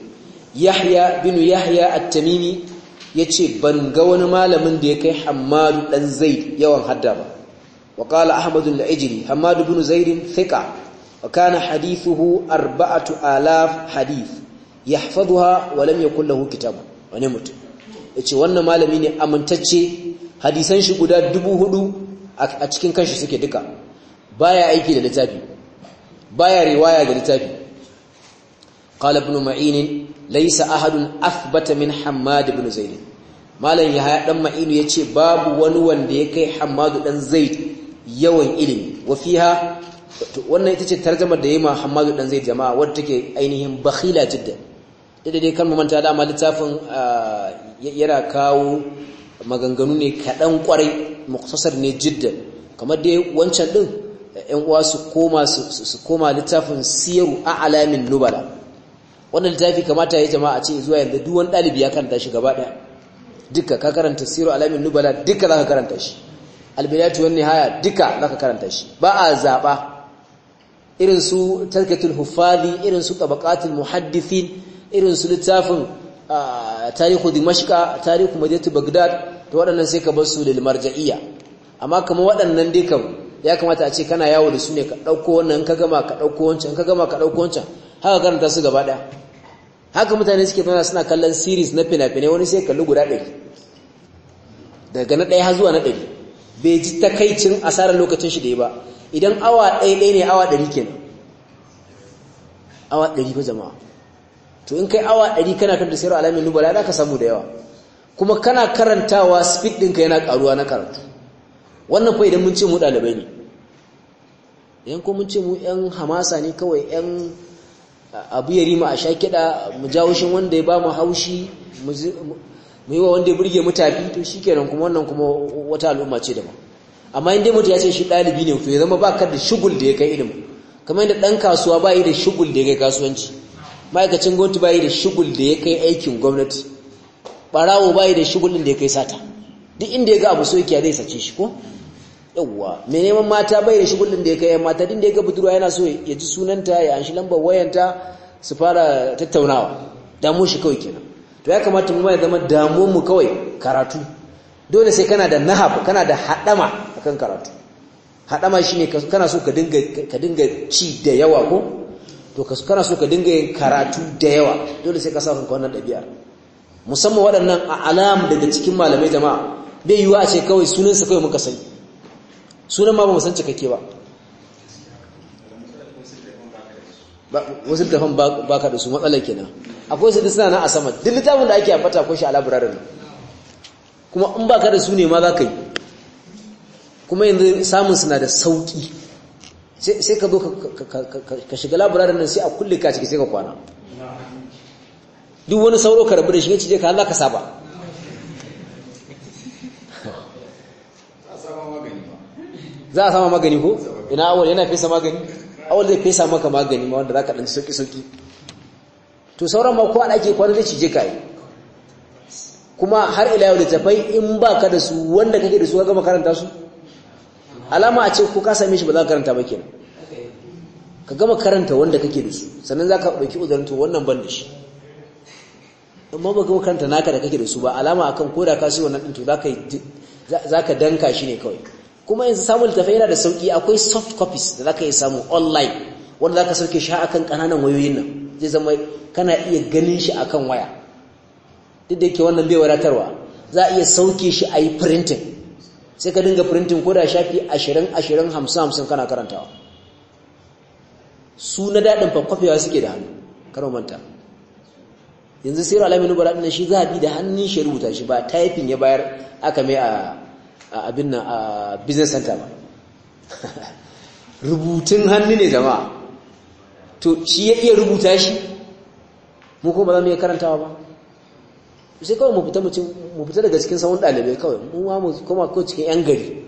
yahya bin yahya at-tamimi yace ban ga wani malamin da ya kai hammad dan zaid yawan hadda ba wa qala ahmad al-ajri hammad ibn zaid thiqa wa kana hadithuhu arba'atu alaf hadith yahfazuha wa ya yakul lahu kitabu wani mutum yace wannan malami ne amintacce hadisan shi guda dubu hudu a cikin kanshi suke duka baya aiki da littafi baya riwaya da littafi qala ibn ma'in laysa ahadun athbata min hammad ibn zaid malam yahya dan ma'inu yace babu wani wanda ya kai hammad dan zaid yawan ilimi wa fiha wannan ita ce tarjamar da yayi ma hammad dan zaid jama'a wadda take ainihin bakila jiddan da dai kan manta dama littafin yana kawo maganganu ne kaɗan ƙwarai muktasar ne jiddan kamar dai wancan ɗin ‘yan uwa su koma littafin siyaru a alamin nubala wannan littafi kamata ya jama'a ce zuwa yadda duwan ɗalibi ya karanta shi gaba ɗaya duka ka karanta siyaru alamin nubala duka za ka karanta shi albidatu wani haya duka za ka karanta shi ba a zaɓa irin su tarkatul hufadi irin su tabaqatul muhaddithin irin su littafin tarihu dimashqa tarihu Madiyatu, bagdad to waɗannan sai ka bar su lil marja'iyya amma kamar waɗannan dai kam ya kamata a ce kana yawo da su ne ka ɗauko wannan ka gama ka ɗauko wancan ka gama ka ɗauko wancan haka karanta su gaba ɗaya haka mutane suke tana suna kallon series na fina-finai wani sai kalli guda ɗari daga na ɗaya zuwa na ɗari bai ji takaicin asarar lokacin shi da ya ba idan awa ɗaya ɗaya ne awa ɗari kenan awa ɗari ba jama'a to in kai awa 100 kana kan tasiru alamin nubala za ka samu da yawa kuma kana karantawa speed ka yana karuwa na karatu wannan fa idan mun ce mu ɗalibai ne idan ko mun ce mu yan hamasa ne kawai yan abu yari ma a sha kiɗa mu jawo shi wanda ya ba mu haushi mu yi wa wanda ya burge mu tafi to shikenan kuma wannan kuma wata al'umma ce daban amma in dai mutum ya ce shi ɗalibi ne to ya zama ba ka da shugul da ya kai ilimi kamar yadda ɗan kasuwa ba yi da shugul da ya kai kasuwanci ma'aikacin gwamnati bayi da shugul da ya kai aikin gwamnati barawo bayi da shugulin da ya kai sata duk inda ya ga abu so yake zai sace shi ko yawwa mai neman mata bai da shugulin da ya kai mata din da ya ga budurwa yana so ya ji sunanta ya anshi lambar wayanta su fara tattaunawa damu shi kawai kenan to ya kamata mu mai zama damuwar mu kawai karatu dole sai kana da nahab kana da hadama akan karatu hadama shine kana so ka ka dinga ci da yawa ko to kana so ka dinga yin karatu da yawa dole sai ka sa kanka wannan dabi'a musamman waɗannan a alam daga cikin malamai jama'a bai yiwu a ce kawai sunansa kawai muka sani sunan ma ba mu san cikakke ba wasu littafan ba ka da su matsalar kenan akwai su suna na a sama duk littafin da ake ambata ko shi a labirarin kuma in ba ka da su ne ma za ka yi kuma yanzu samun suna da sauƙi sai ka zo ka shiga labirarin nan sai a kulle ka ciki sai ka kwana duk wani sauro ka rabu da shi yace ka halaka saba za a sama magani ko ina awal yana fesa magani awal zai fesa maka magani ma wanda ka ɗanci sauki sauki to sauran ma ko an ake kwana zai cije ka yi kuma har ila yau da tafai in ba ka da su wanda kake da su ga makaranta su alama a ce ko ka same shi ba za ka karanta ba ke nan ka gama karanta wanda kake da su sannan za ka ɗauki uzurin to wannan ban da shi amma ba gama karanta naka da kake da su ba alama akan ko da ka su wannan ɗin to za ka danka shi ne kawai kuma yanzu samun littafai yana da sauƙi akwai soft copies da za ka iya samu online wanda za ka sauke shi akan ƙananan wayoyin nan zai zama kana iya ganin shi akan waya duk da yake wannan bai wadatarwa za a iya sauke shi a yi printing sai ka dinga printing ko da shafi 20 50 50 kana karantawa su na dadin fakkafewa suke da hannu karo manta yanzu sai alamin nubara din shi za a bi da hannun shi rubuta shi ba typing ya bayar aka mai a abin nan a business center ba rubutun hannu ne zama to shi ya iya rubuta shi mu ko ba za mu iya karantawa ba sai kawai mu fita mu fita daga cikin sauran ɗalibai kawai mu ma mu koma ko cikin yan gari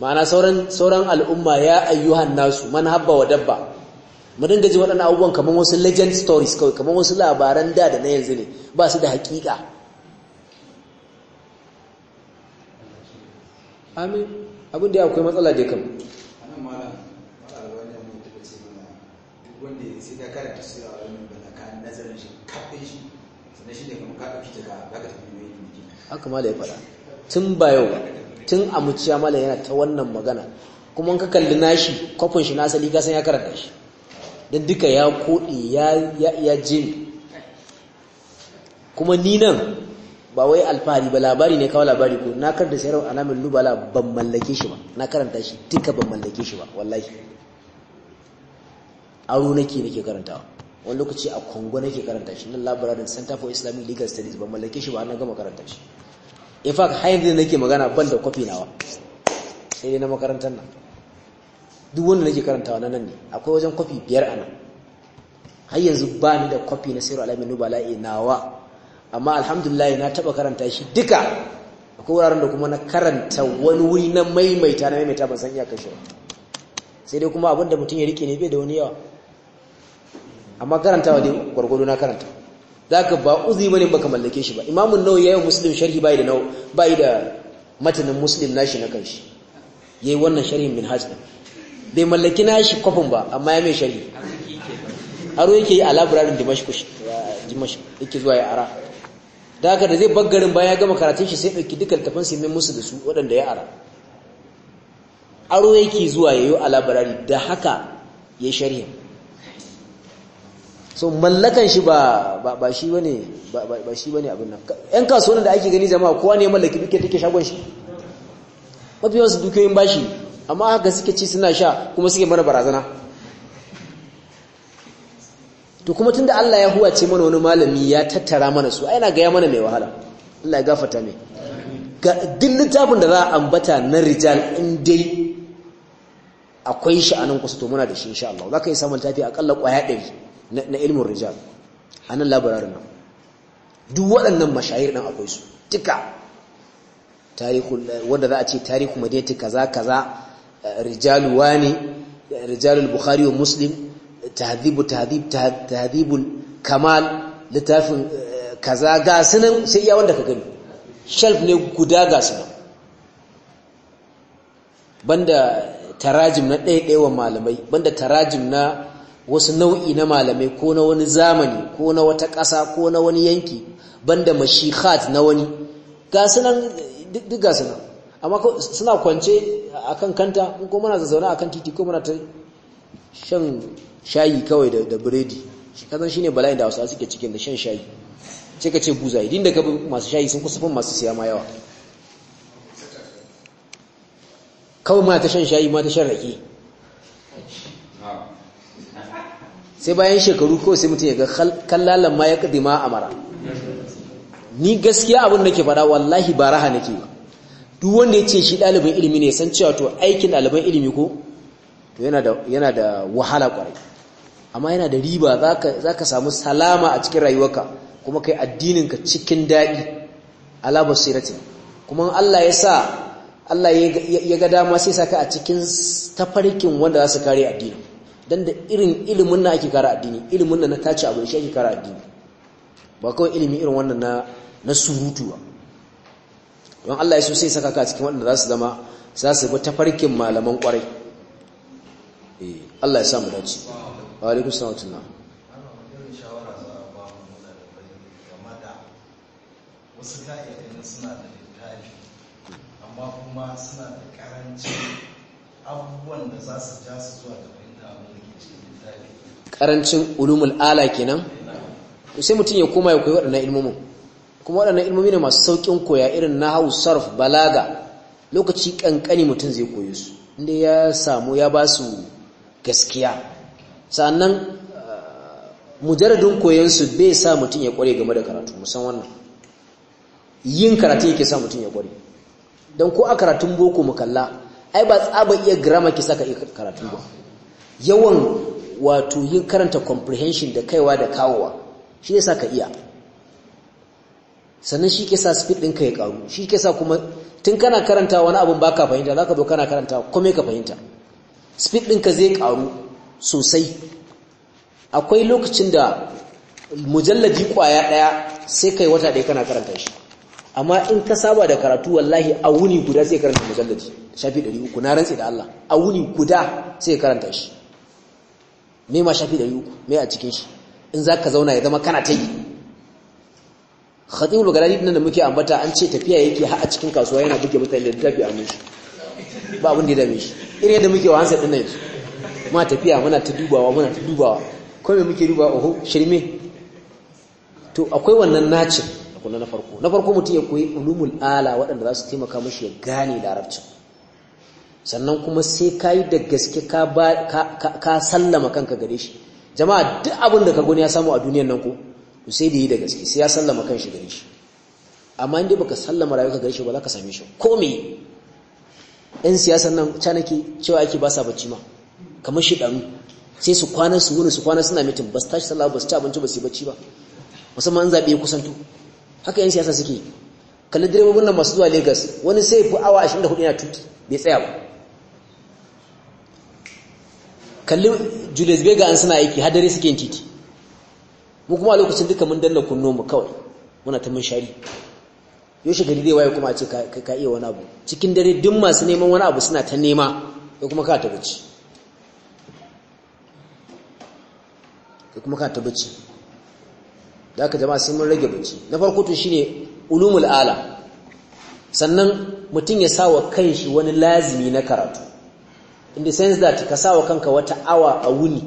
ma'ana sauran sauran al'umma ya ayyuhan nasu man habba wa dabba mu dinga ji waɗannan abubuwan kamar wasu legend stories kawai kamar wasu labaran da da na yanzu ne ba su da haƙiƙa. amin abin da akwai matsala dai kam anan malam wanda sai karanta sura haka ma da ya faɗa tun ba yau tun a mala yana ta wannan magana kuma ka kalli nashi kwafin shi na asali gasan ya karanta shi don duka ya kodi ya jini kuma ni nan ba wai alfahari ba labari ne kawo labari ko na karanta a alamin lubala ban mallake shi ba na karanta shi duka ban mallake shi ba wallahi aro nake nake karantawa wani lokaci a kongo nake karanta shi nan labararin center for islamic legal studies ba mallake shi ba na gama karanta shi in fact har yanzu nake magana ban da kwafi nawa sai dai na makarantar nan duk wanda nake karantawa na nan ne akwai wajen kwafi biyar a nan har yanzu ba ni da kwafi na sirru alamin nubala'i nawa amma alhamdulillah na taba karanta shi duka akwai wuraren da kuma na karanta wani wuri na maimaita na maimaita ban san iyakar shi sai dai kuma abinda mutum ya rike ne bai da wani yawa amma karantawa dai gwargwado na karanta zaka ba uzi bane baka mallake shi ba imamun nawawi yayin muslim sharhi bai da bai da matanin muslim nashi na kanshi yayi wannan sharhin minhaj din bai mallaki nashi kofin ba amma ya mai sharhi aro yake yi a labirarin dimashq dimashq yake zuwa ya ara da haka da zai baggarin bayan ya gama karatun shi sai ɗauki dukkan tafan sai mai musu da su waɗanda ya ara aro yake zuwa yayo a labirari da haka ya sharhi so mallakan shi ba ba shi bane ba shi bane abin nan ƴan kasuwan da ake gani jama'a kowa ne mallaki duke take shagon shi mafi su dukiyoyin bashi amma haka suke ci suna sha kuma suke mana barazana to kuma tunda Allah ya huwace mana wani malami ya tattara mana su ai na ga ya mana mai wahala Allah ya gafarta mai dillin littafin da za a ambata na rijal in dai akwai shi a nan kusa to muna da shi insha Allah za ka yi samun tafi akalla kwaya ɗari na ilmin rijal a nan labararin nan duk waɗannan mashayir ɗin akwai su tika eh, wanda za a ce tarihu madinati kaza kaza eh, rijalu wani eh, rijalul bukhari wa muslim tahdhibu tahdhib tahdhibul kamal littafin kaza ga sunan sai iya wanda ka gani shelf ne guda ga sunan banda tarajim na ɗaiɗaiwa malamai banda tarajim na wasu nau'i na malamai ko na wani zamani ko na wata ƙasa ko na wani yanki banda mashikhat na wani ga nan duk ga nan. amma suna kwance a kan kanta in ko muna zazzauna a kan titi ko muna ta shan shayi kawai da biredi. biredi shi ne bala'in da wasu a suke cikin da shan shayi ce ka ce buza idin da gaba masu shayi sun kusa fin masu siya ma yawa kawai ma ta shan shayi ma ta shan rake sai bayan shekaru kawai sai mutum ya ga kallalan ma ya kadi ma amara ni gaskiya abin da ke faɗa wallahi ba raha nake duk wanda ya ce shi ɗalibin ilimi ne san cewa to aikin ɗaliban ilimi ko to yana da wahala kwarai amma yana da riba za ka samu salama a cikin rayuwarka kuma kai addininka cikin daɗi ala basiratin kuma Allah ya sa Allah ya ga dama sai saka a cikin tafarkin wanda za su kare addinin dan da irin ilimin na ake kara addini ilimin na na tace abu shi ake kara addini ba kawai ilimi irin wannan na na surutu ba don Allah ya so sai saka ka cikin wanda za su zama za su bi tafarkin malaman kwarai eh Allah ya samu dace wa alaikum salam wasu ka'idai suna da littafi amma kuma suna da karanci abubuwan da za su ja su zuwa da karancin ulumul ala kenan sai mutum ya koma ya koyi waɗannan ilmomin kuma waɗannan ilmomi ne masu saukin koya irin na hau sarf balaga lokaci ƙanƙani mutum zai koyi su inda ya samu ya ba su gaskiya sannan uh, mujarradin koyansu su bai sa mutum ya kware game da karatu musan wannan yin karatu yake sa mutum ya kware don ko a karatun boko mu kalla ai ba tsaba iya girama ke saka iya karatun ba yawan wato yin karanta comprehension da kaiwa da kawowa shi sa ka iya sannan shi ke sa speed ɗinka ya ƙaru shi ke sa kuma tun kana karanta wani abin ba ka fahimta za ka zo kana karanta kome ka fahimta speed ɗinka zai ƙaru sosai akwai lokacin da mujalladi ƙwaya ɗaya sai kai wata ɗaya kana karanta shi amma in ka saba da karatu wallahi a wuni guda sai karanta mujalladi shafi ɗari uku na rantse da Allah a wuni guda sai karanta shi me ma shafi ɗari uku me a cikin shi in za ka zauna ya zama kana ta yi khatibul galali nan da muke ambata an ce tafiya yake har a cikin kasuwa yana buge mutane da littafi a mun shi ba abin da ya dame shi irin yadda muke wa hansa ɗin nan ma tafiya muna ta dubawa muna ta dubawa ko me muke dubawa oho shirme to akwai wannan nacin kuna na farko na farko mutum ya koyi ulumul ala waɗanda za su taimaka mashi ya gane larabcin sannan kuma sai ka yi da gaske ka sallama kanka gare shi jama'a duk abin da ka gani ya samu a duniyan nan ko sai da yi da gaske sai ya sallama kanshi gare shi amma inda baka sallama rayuwa gare shi ba za ka same shi ko me yan siyasan nan canaki cewa ake ba sa bacci ma kamar shi ɗaru sai su kwana su wuni su kwana suna mitin ba su tashi sallah ba su ci abinci ba su yi bacci ba musamman an zaɓe ya kusanto haka yan siyasa suke kalli direbobin nan masu zuwa Legas wani sai fi awa 24 yana tuki bai tsaya ba kalli Julius bega an suna aiki hadari suke yin titi mu kuma a lokacin duka mun danna kunno mu kawai muna ta mun shari yoshi gari dai waye kuma a ce ka iya wani abu cikin dare duk masu neman wani abu suna ta nema kai kuma ka ta bacci kai kuma ka ta da ka jama'a sai mun rage bacci na farko to shine ulumul ala sannan mutum ya sa wa kanshi wani lazimi na karatu in the sense that ka sawa kanka wata awa a wuni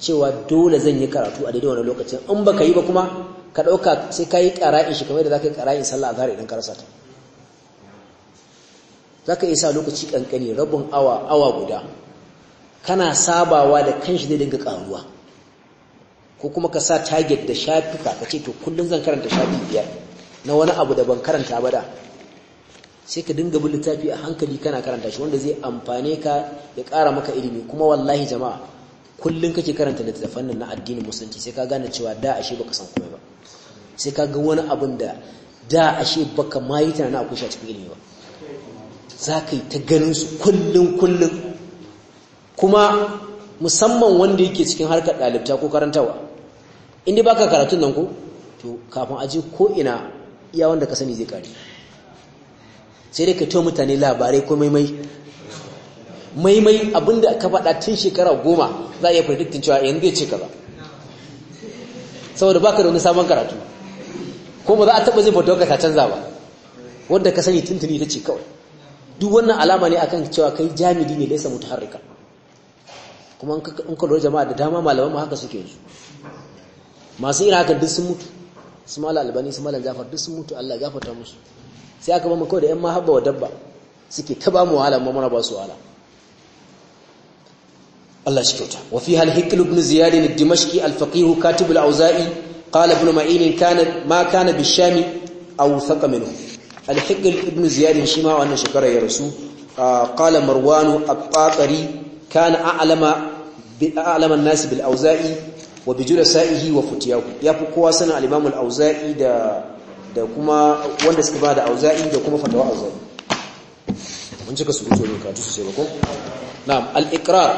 cewa dole zan yi karatu a daidai wani lokacin in baka yi ba kuma ka ɗauka sai ka yi ƙara'in shi kamar da za ka yi ƙara'in sallah a idan ka rasa ta za ka iya sa lokaci ƙanƙani rabin awa awa guda kana sabawa da kanshi zai dinga ƙaruwa ko kuma ka sa target da shafi ka ce to kullum zan karanta shafi biyar na wani abu da ban karanta ba da sai ka dinga bin littafi a hankali kana karanta shi wanda zai amfane ka ya kara maka ilimi kuma wallahi jama'a kullum kake karanta littafan nan na addinin musulunci sai ka gane cewa da ashe baka san komai ba sai ka ga wani abin da da ashe baka ma yi tunanin akwai shi cikin ilimi ba za ka yi ta ganin su kullum kullum kuma musamman wanda yake cikin harkar dalibta ko karantawa inda baka karatun nan ko to kafin aje ko ina iya wanda ka sani zai kare sai dai ka to mutane labarai ko maimai maimai abinda ka faɗa tun shekara goma za a iya predictin cewa yanzu zai ce ba, saboda baka da wani sabon karatu ko ba za a taɓa zai fata ta canza ba wanda ka sani tuntuni ta ce kawai duk wannan alama ne akan cewa kai jami'i ne laisa mutaharrika kuma in ka lura jama'a da dama malaman ma haka suke yanzu masu irin haka duk sun mutu su mala albani su mala jafar duk sun mutu Allah gafarta musu sai aka ba mu kawai da yan mahabba wa dabba suke ta ba mu wahala amma muna ba su wahala Allah shi kyauta wa fi hal hikl ibn ziyad al-dimashqi al-faqih katib al-auza'i qala ibn ma'in kana ma kana bi-shami aw thaqa minhu al-hikl ibn ziyad shi ma wannan shekara ya rasu qala marwan al-qatari kana a'lama bi a'lama an-nas bil-auza'i wa bi julasa'ihi wa futiyahu ya fi kowa sanin al-imam al-auza'i da da kuma wanda suka ba da auza'i da kuma fatawa auza'i mun cika su rutu ne karatu sosai ba ko na'am al-iqrar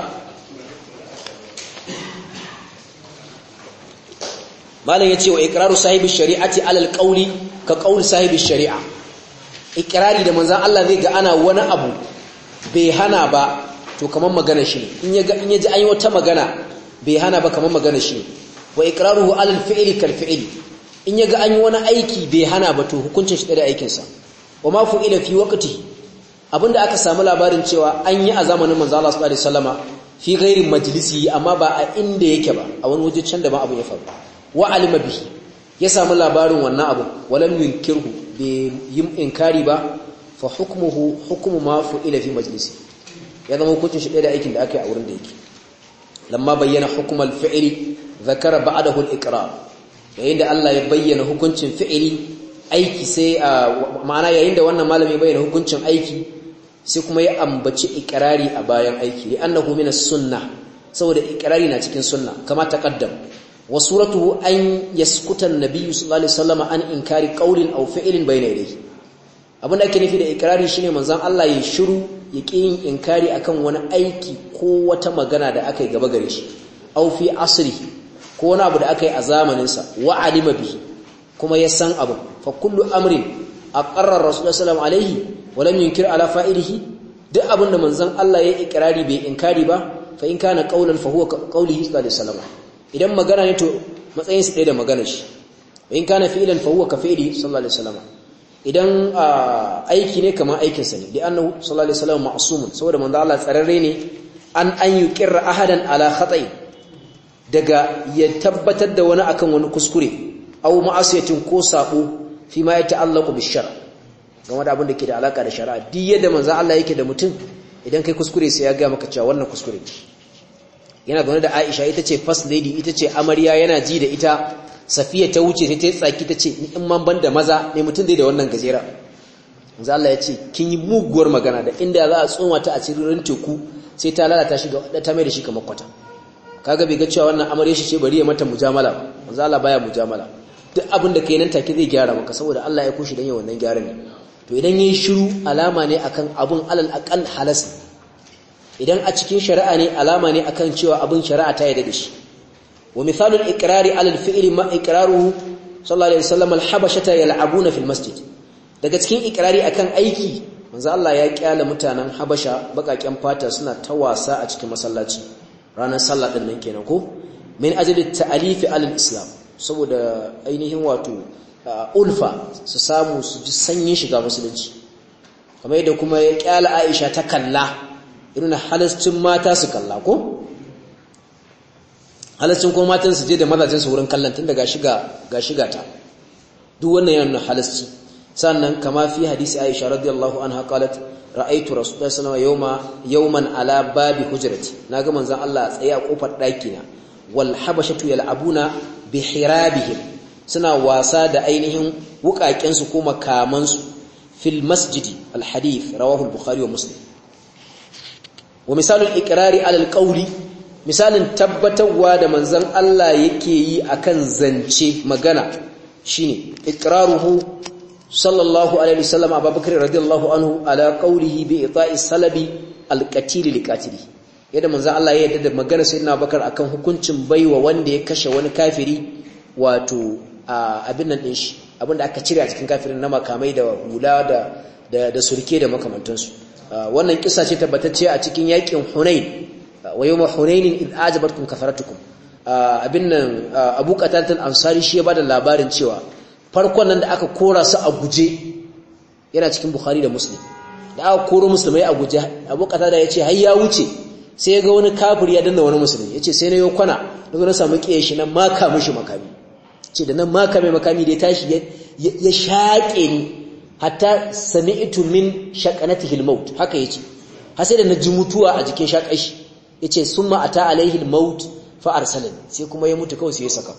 malam yace wa iqraru sahibi shari'ati alal qawli ka qawl sahibi shari'a iqrari da manzon Allah zai ga ana wani abu bai hana ba to kaman magana shi in ya in yaji an yi wata magana bai hana ba kaman magana shi wa iqraruhu alal fi'li kal fi'li in yaga an yi wani aiki bai hana ba to hukuncin shi da aikinsa sa wa ma fu'ila fi waqti abinda aka samu labarin cewa an yi a zamanin manzo Allah sallallahu alaihi wasallama fi ghairi majlisi amma ba a inda yake ba a wani waje can da ba abu ya faru wa alima bihi ya samu labarin wannan abu walam yunkirhu bai yi inkari ba fa hukmuhu hukmu ma fu'ila fi majlisi ya zama hukuncin shi da aikin da aka yi a wurin da yake lamma bayyana hukmal fi'li zakara ba'dahu al-iqrar yayin da Allah ya bayyana hukuncin fi'ili aiki sai ma'ana yayin da wannan malami ya bayyana hukuncin aiki sai kuma ya ambaci ikrari a bayan aiki annahu min as-sunnah saboda ikrari na cikin sunna kama taqaddam wa suratuhu an yaskuta an-nabi sallallahu alaihi wasallam an inkari qawlin aw fi'lin bayna yadayhi abinda ake nufi da ikrari shine manzon Allah ya shiru ya yin inkari akan wani aiki ko wata magana da aka yi gaba gare shi aw fi asri ko wani abu da aka yi a zamaninsa wa alima bihi kuma ya san abu fa kullu amrin a aqarra rasulullahi sallallahu alaihi wa lam yunkir ala fa'ilihi duk abin da manzon Allah ya ikrari bai inkari ba fa in kana qaulan fa huwa qaulihi sallallahu alaihi wasallam idan magana ne to matsayin sa da magana shi in kana fi'lan fa huwa ka fi'lihi sallallahu alaihi wasallam idan aiki ne kamar aikin sa ne da annahu sallallahu alaihi wasallam ma'sumun saboda manzo Allah tsararre ne an an yuqirra ahadan ala khata'i daga ya tabbatar da wani akan wani kuskure au ma'asiyatin ko sabo fi ma yata'allaqu bishar game da abin da ke da alaka da shari'a duk yadda manzo Allah yake da mutum idan kai kuskure sai ya ga maka cewa wannan kuskure yana zaune da Aisha ita ce first lady ita ce amarya yana ji da ita Safiya ta wuce sai ta tsaki ta ce in man banda maza ne mutum dai da wannan gajera manzo Allah ya ce kin yi muguwar magana da inda za a tsoma ta a cikin teku sai ta lalata shi ga ta mai da shi kamar kwata kaga bai ga cewa wannan amarya shi ce bari ya mata mujamala ba manzo baya mujamala duk abin da yi nan take zai gyara maka saboda Allah ya kushi dan ya wannan gyaran to idan yi shiru alama ne akan abun alal aqal halas idan a cikin shari'a ne alama ne akan cewa abun shari'a ta yarda da shi wa misalul iqrari alal fi'li ma iqraruhu sallallahu alaihi wasallam alhabashata yal'abuna fil masjid daga cikin iqrari akan aiki manzo Allah ya kyala mutanen habasha bakaken fata suna ta wasa a cikin masallaci ranar sallah din nan kenan ko min ajli ta'alifi al islam saboda ainihin wato ulfa su samu su ji sanyin shiga musulunci kamar yadda kuma ya kyala Aisha ta kalla irin halascin mata su kalla ko halascin kuma matan su je da mazajen su wurin kallon tun daga shiga ga shiga ta duk wannan yana halasci sannan kama fi hadisi Aisha radiyallahu anha qalat ra'aitu rasulullahi sallallahu alaihi wasallam yawman ala babi hujrati naga manzon Allah tsaye a kofar daki na wal habashatu yal'abuna bi hirabihim suna wasa da ainihin wukaken su kuma kaman su fil masjidi al hadith rawahu al bukhari wa muslim wa misal al iqrari ala al qawli misalin tabbatarwa da manzon Allah yake yi akan zance magana shine iqraruhu sallallahu alaihi wasallam abubakar radiyallahu anhu ala qawlihi bi ita'i salabi alqatil liqatili yadda manzon Allah ya yarda da magana sayyidina abubakar akan hukuncin baiwa wanda ya kashe wani kafiri wato abin nan din shi abinda aka cire a cikin kafirin na makamai da hula da da, da surke da makamantansu wannan kisa ce tabbatacce a cikin yakin Hunain wa yawma Hunainin id ajabatkum kafaratukum abin nan Abu Qatadah al-Ansari shi ya bada labarin cewa farkon nan da aka kora su a guje yana cikin bukhari da muslim da aka koro musulmai a guje abu kata da ya ce har ya wuce sai ya ga wani kafir ya danna wani musulmi ya ce sai na yi kwana daga na samu ƙiya shi nan maka mishi makami ce da nan maka mai makami da ya tashi ya shaƙe ni hatta sami sami'tu min shaƙanatihil hilmaut haka ya ce har sai da na ji mutuwa a jikin shaƙashi ya ce sun ma'ata alaihi hilmaut fa arsalin sai kuma ya mutu kawai sai ya saka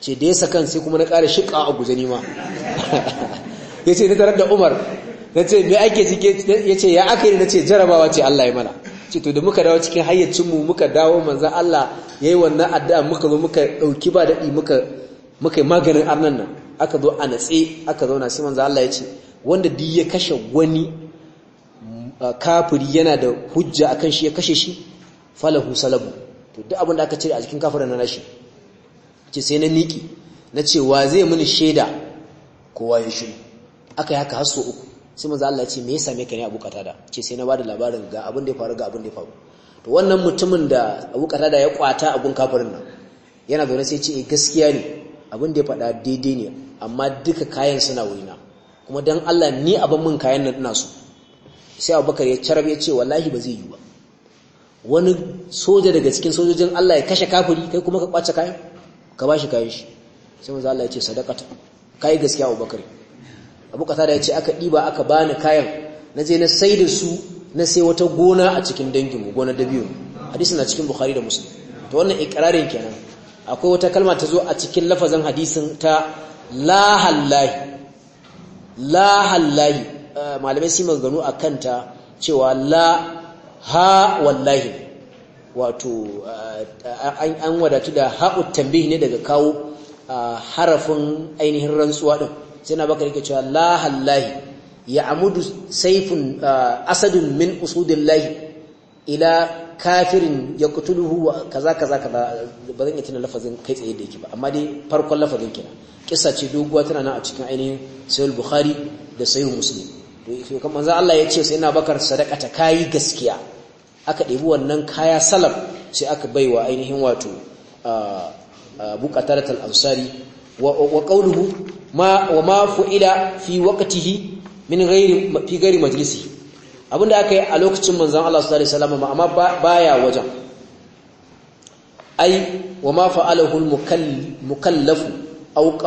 ce da ya sakan sai kuma na ƙara shiƙa a guzani ma ya ce nitarar da umar na ce mai ake cike ya ce ya aka yi na ce jarabawa ce Allah ya mana ce to da muka dawo cikin hayyacinmu muka dawo manzan Allah ya yi wannan addu'a muka zo muka ɗauki ba daɗi muka yi maganin arnan nan aka zo a natse aka zauna sai manzan Allah ya ce wanda duk ya kashe wani kafiri yana da hujja akan shi ya kashe shi falahu salabu to duk abin da aka cire a cikin kafirin na nashi ce sai na niki na ce wa zai mini shaida kowa ya shiru aka yi haka har so uku sai maza Allah ya ce me ya me ka ne Abu Qatada ce sai na bada labarin ga abin da ya faru ga abin da ya faru to wannan mutumin da Abu Qatada ya kwata abun kafirin nan yana zaune sai ce eh, gaskiya ne abin da ya faɗa daidai ne amma duka kayan suna wurina kuma dan Allah ni abin mun kayan nan ina so sai Abubakar ya carab ya ce wallahi ba zai yi ba wani soja daga cikin sojojin Allah ya kashe kafiri kai kuma ka kwace kayan ka ba shi kayan shi sai manzo Allah ya ce sadaqata kai gaskiya Abubakar Abu Qatada ya ce aka diba aka bani kayan na je na sai da su na sai wata gona a cikin dangin mu gona dabiyo hadisi na cikin Bukhari da Muslim to wannan ikrarin kenan akwai wata kalma ta zo a cikin lafazin hadisin ta la hallahi la hallahi eh, malamai sun maganganu akan ta cewa la ha wallahi wato an wadatu da ha'ut tambihi ne daga kawo harafin ainihin rantsuwa ɗin sai na baka rike cewa lahallahi ya amudu saifin asadin min usudillahi ila kafirin ya kutuluhu kaza kaza kaza ba zan iya tuna lafazin kai tsaye da yake ba amma dai farkon lafazin kina kisa ce doguwa tana nan a cikin ainihin sayul bukhari da sayul muslim to kamar manzo Allah ya ce sai na bakar sadaka ta kai gaskiya aka ɗebi wannan kaya salam sai aka baiwa ainihin wato buƙatar al wa ƙaunuhu wa ma fu'ila fi wakatihi min gari fi gari majlisi abinda aka yi a lokacin manzan Allah sallallahu salama wasallam amma ya wajen ai wa ma fa'alahu mukallafu mukallaf aw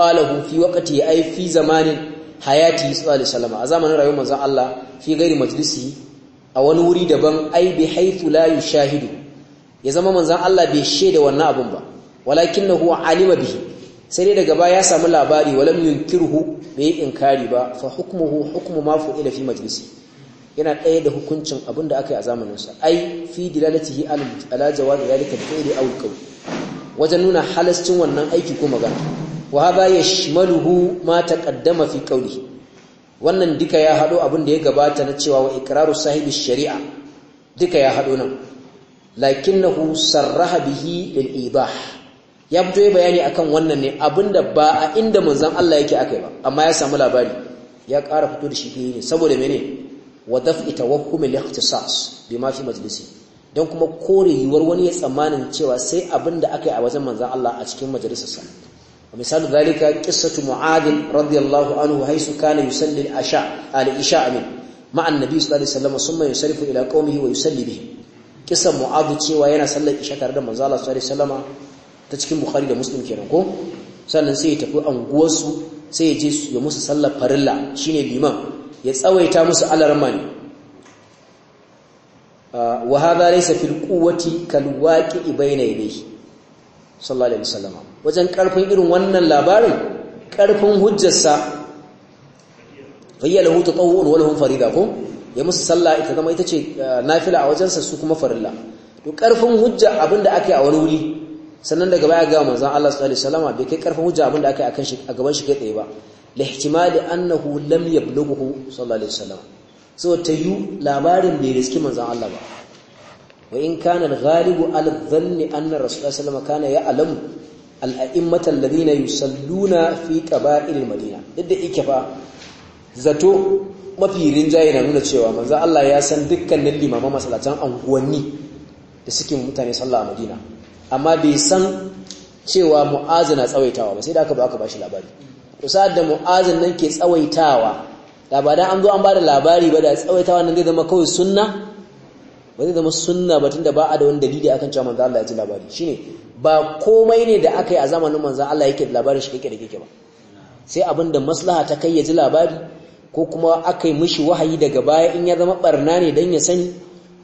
fi wakati. ai fi zamanin hayati su tarihi salama. a zamanin rayuwar manzan Allah fi gari majalisi a wani wuri daban ai bi haifu la yushahidu ya zama manzon Allah bai shaida wannan abun ba walakinahu alima bihi sai dai daga baya ya samu labari walam yunkirhu bai inkari ba fa hukmuhu hukmu ma fu'ila fi majlisi yana ɗaya da hukuncin abin da aka yi a zamanin zamaninsa ai fi dilalatihi ala jawabi zalika fi'li aw wajen nuna halascin wannan aiki ko magana wa hada yashmaluhu ma taqaddama fi qawlihi wannan duka ya haɗo abin da ya gabata na cewa wa ikraru sahibi shari'a duka ya haɗo nan lakin lakinnahu sarraha bihi lil idah ya fito ya bayani akan wannan ne abin da ba a inda manzan Allah yake aka ba amma ya samu labari ya ƙara fito da shi yi ne saboda mene wa daf'i tawakkumi al bi mafi fi majalisi don kuma kore yiwuwar wani ya tsammanin cewa sai abin da aka yi a wajen manzan Allah a cikin majalisarsa ومثال ذلك قصة معاذ رضي الله عنه حيث كان يصلي العشاء العشاء من مع النبي صلى الله عليه وسلم ثم ينصرف إلى قومه ويصلي به قصة معاذ cewa yana sallar isha tare da manzo Allah ta cikin Bukhari da Muslim kenan ko sannan sai ya tafi anguwarsu sai ya je ya musu sallar farilla shine liman ya tsawaita musu alarma ne wa hadha laysa fil quwwati sallallahu alaihi wajen karfin irin wannan labarin karfin hujjarsa fayya farida ya musu sallah ita zama ita ce eh, nafila a wajensa su kuma farilla to karfin hujja abinda ake a wani wuri sannan daga baya ga manzon Allah sallallahu alaihi wasallam bai kai karfin hujja abinda ake akan shi a gaban shi kai tsaye ba lihtimali annahu lam yablughu sallallahu alaihi wasallam so tayu labarin bai riski manzon Allah ba wa in kana galibu ghalibu al-dhanni anna rasulullahi sallallahu alaihi wasallam kana ya'lamu al-a'immata yusalluna fi qaba'il al-madina zato mafi rinjaye na nuna cewa manzo Allah ya san dukkanin limaman masallatan unguwanni da suke mutane sallah a Madina amma bai san cewa mu'azin na tsawaitawa ba sai da aka ba aka bashi labari to da mu'azin nan ke tsawaitawa da ba dan an zo an ba da labari ba da tsawaitawa nan zai zama kawai sunna ba zai zama sunna ba da ba a da wani dalili akan cewa manzan Allah ya ji labari Shi ne ba komai ne da aka yi a zamanin manzan Allah yake da labarin shi kake da kake ba sai abin da maslaha ta kai ya ji labari ko kuma aka yi mishi wahayi daga baya in ya zama barna ne dan ya sani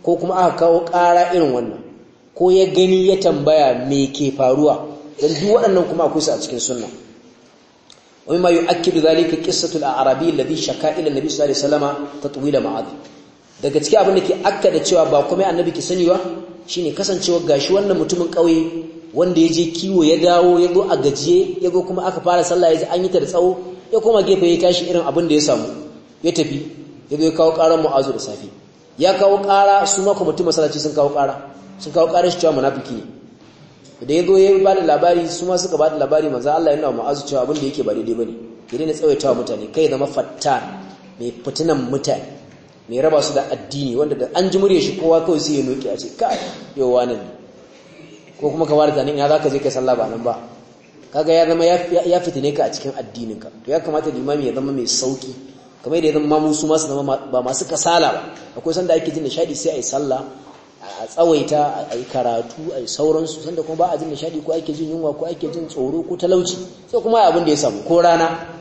ko kuma aka kawo ƙara irin wannan ko ya gani ya tambaya me ke faruwa don duk waɗannan kuma akwai su a cikin sunna ومما يؤكد zalika a arabi da شكا إلى النبي صلى الله عليه ta tuwila معاذ daga cikin abin da ke akka da cewa ba kuma annabi ke sani ba shine kasancewa gashi wannan mutumin kauye wanda ya je kiwo ya dawo ya zo a gajiye ya go kuma aka fara sallah ya ji an yi ta da tsawo ya koma gefe ya tashi irin abin da ya samu ya tafi ya zo ya kawo ƙarar mu'azu da safe ya kawo ƙara su ma mutum masallaci sun kawo ƙara sun kawo ƙarar shi cewa munafiki ne da ya zo ya ba da labari su ma suka ba da labari manzo Allah yana mu'azu cewa abin da yake ba daidai bane ya na tsawaitawa mutane kai zama fatta mai fitinan mutane mai raba su da addini wanda da an ji murya shi kowa kawai sai ya noki a ce ka yau wani ne ko kuma ka zanen ya ina za ka je ka sallah ba nan ba kaga ya zama ya fitine ka a cikin addininka to ya kamata limami ya zama mai sauki kamar da ya zama mamu su masu zama ba masu kasala ba akwai sanda ake jin nishadi sai a yi sallah a tsawaita a yi karatu a yi sauransu sanda kuma ba a jin nishadi ko ake jin yunwa ko ake jin tsoro ko talauci sai kuma abin da ya samu ko rana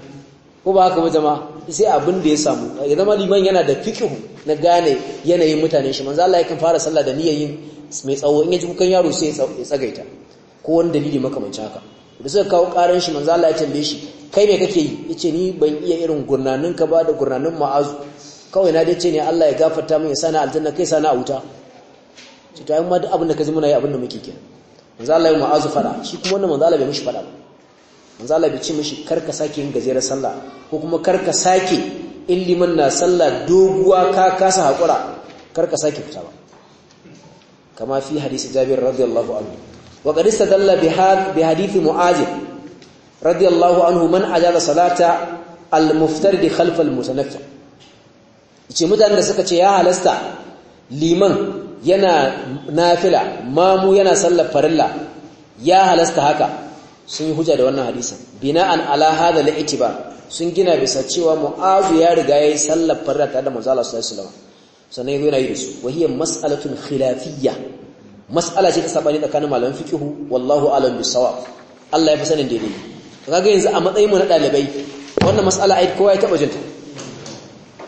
ko ba haka ba sai abin da ya samu ya zama liman yana da fikihu na gane yanayin mutane shi manzo Allah yakan fara sallah da niyyar mai tsawo in yaji kukan yaro sai ya tsagaita ko wani dalili makamancin haka da suka kawo karan shi manzo Allah ya tambaye shi kai me kake yi yace ni ban iya irin gurnanin ka ba da gurnanin ma'azu kawai na dace ne Allah ya gafarta min ya sana aljanna kai sana a wuta to ai ma duk abin da ka ji muna yi abin da muke kira manzo Allah ya ma'azu fara shi kuma wannan manzo Allah bai mishi fada ba manzo Allah bai ce mishi karka sake yin gajeren sallah ko kuma karka sake in na sallah doguwa ka kasa hakura karka sake fita ba kama fi hadisi Jabir radiyallahu anhu wa qad istadalla bi hadisi Mu'adh radiyallahu anhu man ajala salata al-muftarid khalf al-mutanaffi ce mutanen da suka ce ya halasta liman yana nafila mamu yana sallar farilla ya halasta haka sun yi hujja da wannan hadisin bina'an ala hada la itibar sun gina bisa cewa mu'azu ya riga yayi sallar farra tare da manzo Allah sallallahu alaihi wasallam sannan yazo yana yi da su wahiyya mas'alatun khilafiyya mas'ala ce ta sabani tsakanin malamin fiqhu wallahu a'lam bisawab Allah ya fi sanin daidai kaga yanzu a matsayin mu na dalibai wannan mas'ala ai kowa ya taba jinta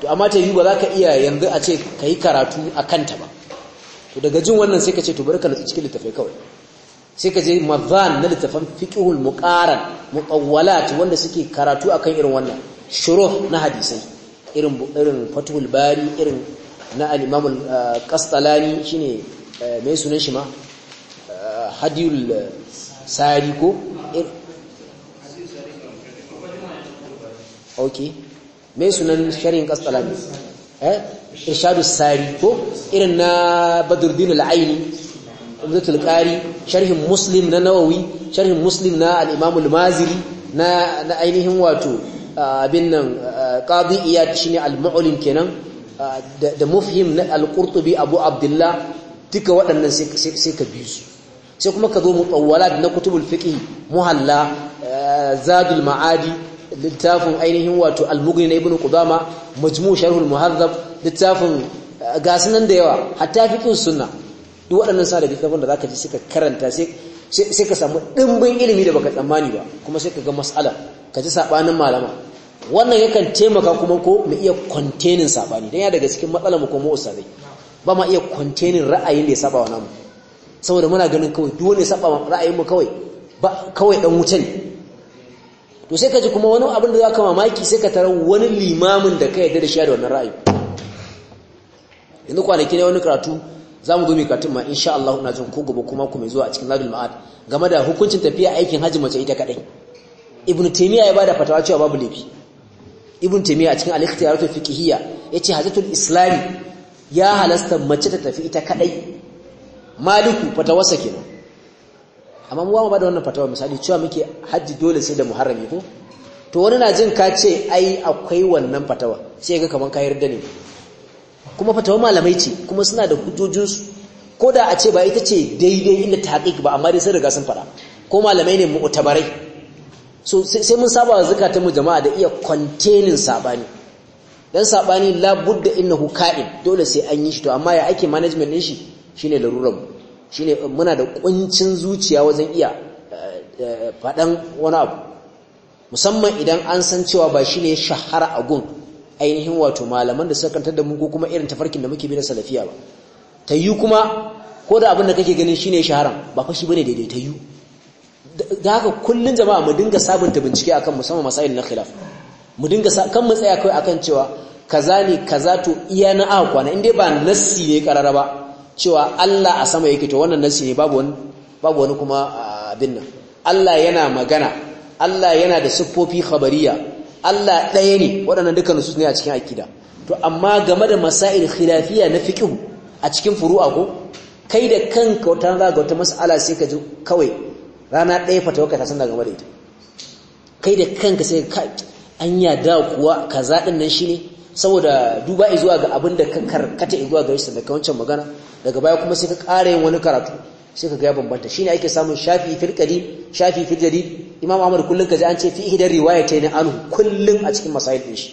to amma ta yi ba za ka iya yanzu a ce kai karatu akan ta ba to daga jin wannan sai ka ce to barka na nutsi cikin littafai kawai sai ka je mazan na littafan fiqhul muqaran muqawwalat wanda suke karatu akan irin wannan shuruh na hadisai irin irin fathul bari irin na al-imam al-qastalani shine eh, mai sunan shi ma eh, hadiyul sari ko okay mai sunan sharin qastalani eh irshadus sari ko irin na badruddin al-aini umdatul qari sharhin muslim na nawawi sharhin muslim na al-imam al-maziri na na ainihin wato abin nan qadi iyad shine al-mu'lim kenan da mufhim na al-qurtubi abu abdullah duka waɗannan sai ka bi su sai kuma ka zo mutawwalat na kutubul fiqh muhalla zadul ma'adi littafin ainihin wato al-mughni na ibnu qudama majmu' sharh al-muhazzab littafin gasu nan da yawa hatta fiqh sunna duk waɗannan sa da littafin da za ka ji suka karanta sai ka samu ɗimbin ilimi da baka tsammani ba kuma sai ka ga matsala ka ji saɓanin malama wannan yakan taimaka kuma ko mu iya kwantenin saɓani don ya daga cikin matsalar mu ko mu usabe ba ma iya kwantenin ra'ayin da ya saba wa namu saboda muna ganin kawai duk wanda ya saba ra'ayin mu kawai ba kawai dan wuce ne to sai ka ji kuma wani abin da zaka mamaki sai ka tarar wani limamin da ka yarda da shi da wannan ra'ayi yanzu kwanaki ne wani karatu za mu gumi katun ma insha Allah ina jin ko gobe kuma ku mai zuwa a cikin ladul ma'ad game da hukuncin tafiya aikin hajji mace ita kadai ibn taymiya ya bada fatawa cewa babu laifi ibn taymiya a cikin al al fiqhiyya yace hajjatul islami ya halasta mace ta tafi ita kadai maliku fatawarsa kenan amma mu ba mu wannan fatawa misali cewa muke hajji dole sai da muharrami ko to wani na jin ka ce ai akwai wannan fatawa sai ga kaman ka yarda ne kuma fatawar malamai ce kuma suna da hujjojinsu ko da a ce ba ita ce daidai inda ta haƙiƙa ba amma dai sun riga sun faɗa ko malamai ne mu'tabarai so sai mun saba wa zakatun mu jama'a da iya kwantenin saɓani. dan sabani la budda innahu ka'in dole sai an yi shi to amma ya ake management din shi shine larurar mu shine muna da kuncin zuciya wajen iya eh, eh, faɗan wani abu musamman idan an san cewa ba shine shahara a gun ainihin wato malaman da suka kantar da mu ko kuma irin tafarkin da muke bi na salafiya ba tayyu kuma ko da abin da kake ganin shine shaharan ba fa shi bane daidai tayyu da haka kullun jama'a mu dinga sabunta bincike akan musamman masail na khilaf mu dinga kan mu tsaya kai akan cewa kaza ne kaza to iya na na inde ba nassi ne karara ba cewa Allah a sama yake to wannan nassi ne babu wani babu wani kuma ah, abin nan Allah yana magana Allah yana da siffofi khabariya Allah ɗaya ne waɗannan dukkan su ne a cikin akida to amma game da masail khilafiya na fiqh a cikin furu'a ko kai da kanka wata za ga wata mas'ala sai ka ji kawai rana ɗaya fatawa ka san daga bare ita kai da kanka sai ka an da kuwa kaza din nan shine saboda duba zuwa ga abinda da ka karkata zuwa ga shi da wancan magana daga baya kuma sai ka ƙara yin wani karatu suka ga ya bambanta shine ake samun shafi fil qadi shafi fil jadid imam ahmad kullun kaje an ce fi ihdar riwayatayn anhu kullun a cikin masail din shi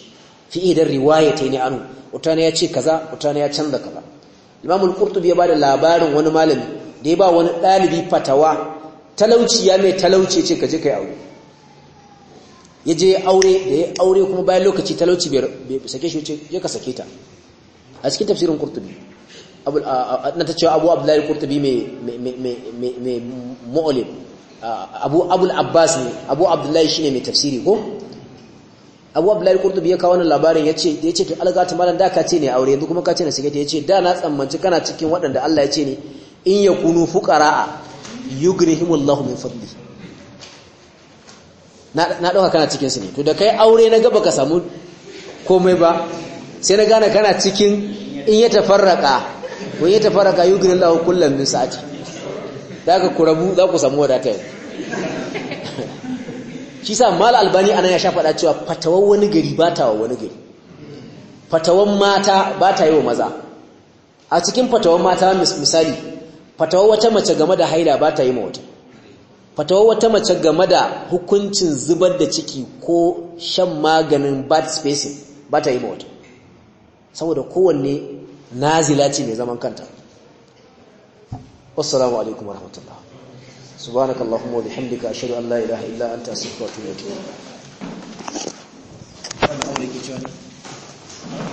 fi ihdar riwayatayn anhu utana ya ce kaza utana ya canza kaza imam al-qurtubi ya bada labarin wani malami da ya ba wani dalibi fatawa talauci ya mai talauci ce kaje kai aure ya je aure da ya aure kuma bayan lokaci talauci bai sake shi ce je ka sake ta a cikin tafsirin qurtubi na ta cewa abu abdullahi kurtubi mai mu'ulim abu abul abbas ne abu abdullahi shine mai tafsiri ko abu abdullahi kurtubi ya kawo wannan labarin ya ce to algata malam da ka ce ne aure yanzu kuma ka ce na sake ta ya ce da na tsammanci kana cikin waɗanda Allah ya ce ne in ya kunu fuqara'a yughnihimullahu min fadli na ɗauka kana cikin su ne to da kai aure na gaba ka samu komai ba sai na gane kana cikin in ya tafarraka wa ya tafara ka yi gidan lahu kullum min sa'ati da ka kurabu za ku samu wadata yau shi sa mal albani ana ya sha faɗa cewa fatawan wani gari ba ta wa wani gari fatawan mata ba ta yi wa maza a cikin fatawan mata misali fatawan wata mace game da haila ba ta yi ma wata fatawan wata mace game da hukuncin zubar da ciki ko shan maganin bad spacing ba ta yi ma wata saboda kowanne nazila ce mai zaman kanta wassalamu alaikum warahmatullahi سبحانك اللهم وبحمدك اشهد ان لا اله الا انت استغفرك واتوب اليك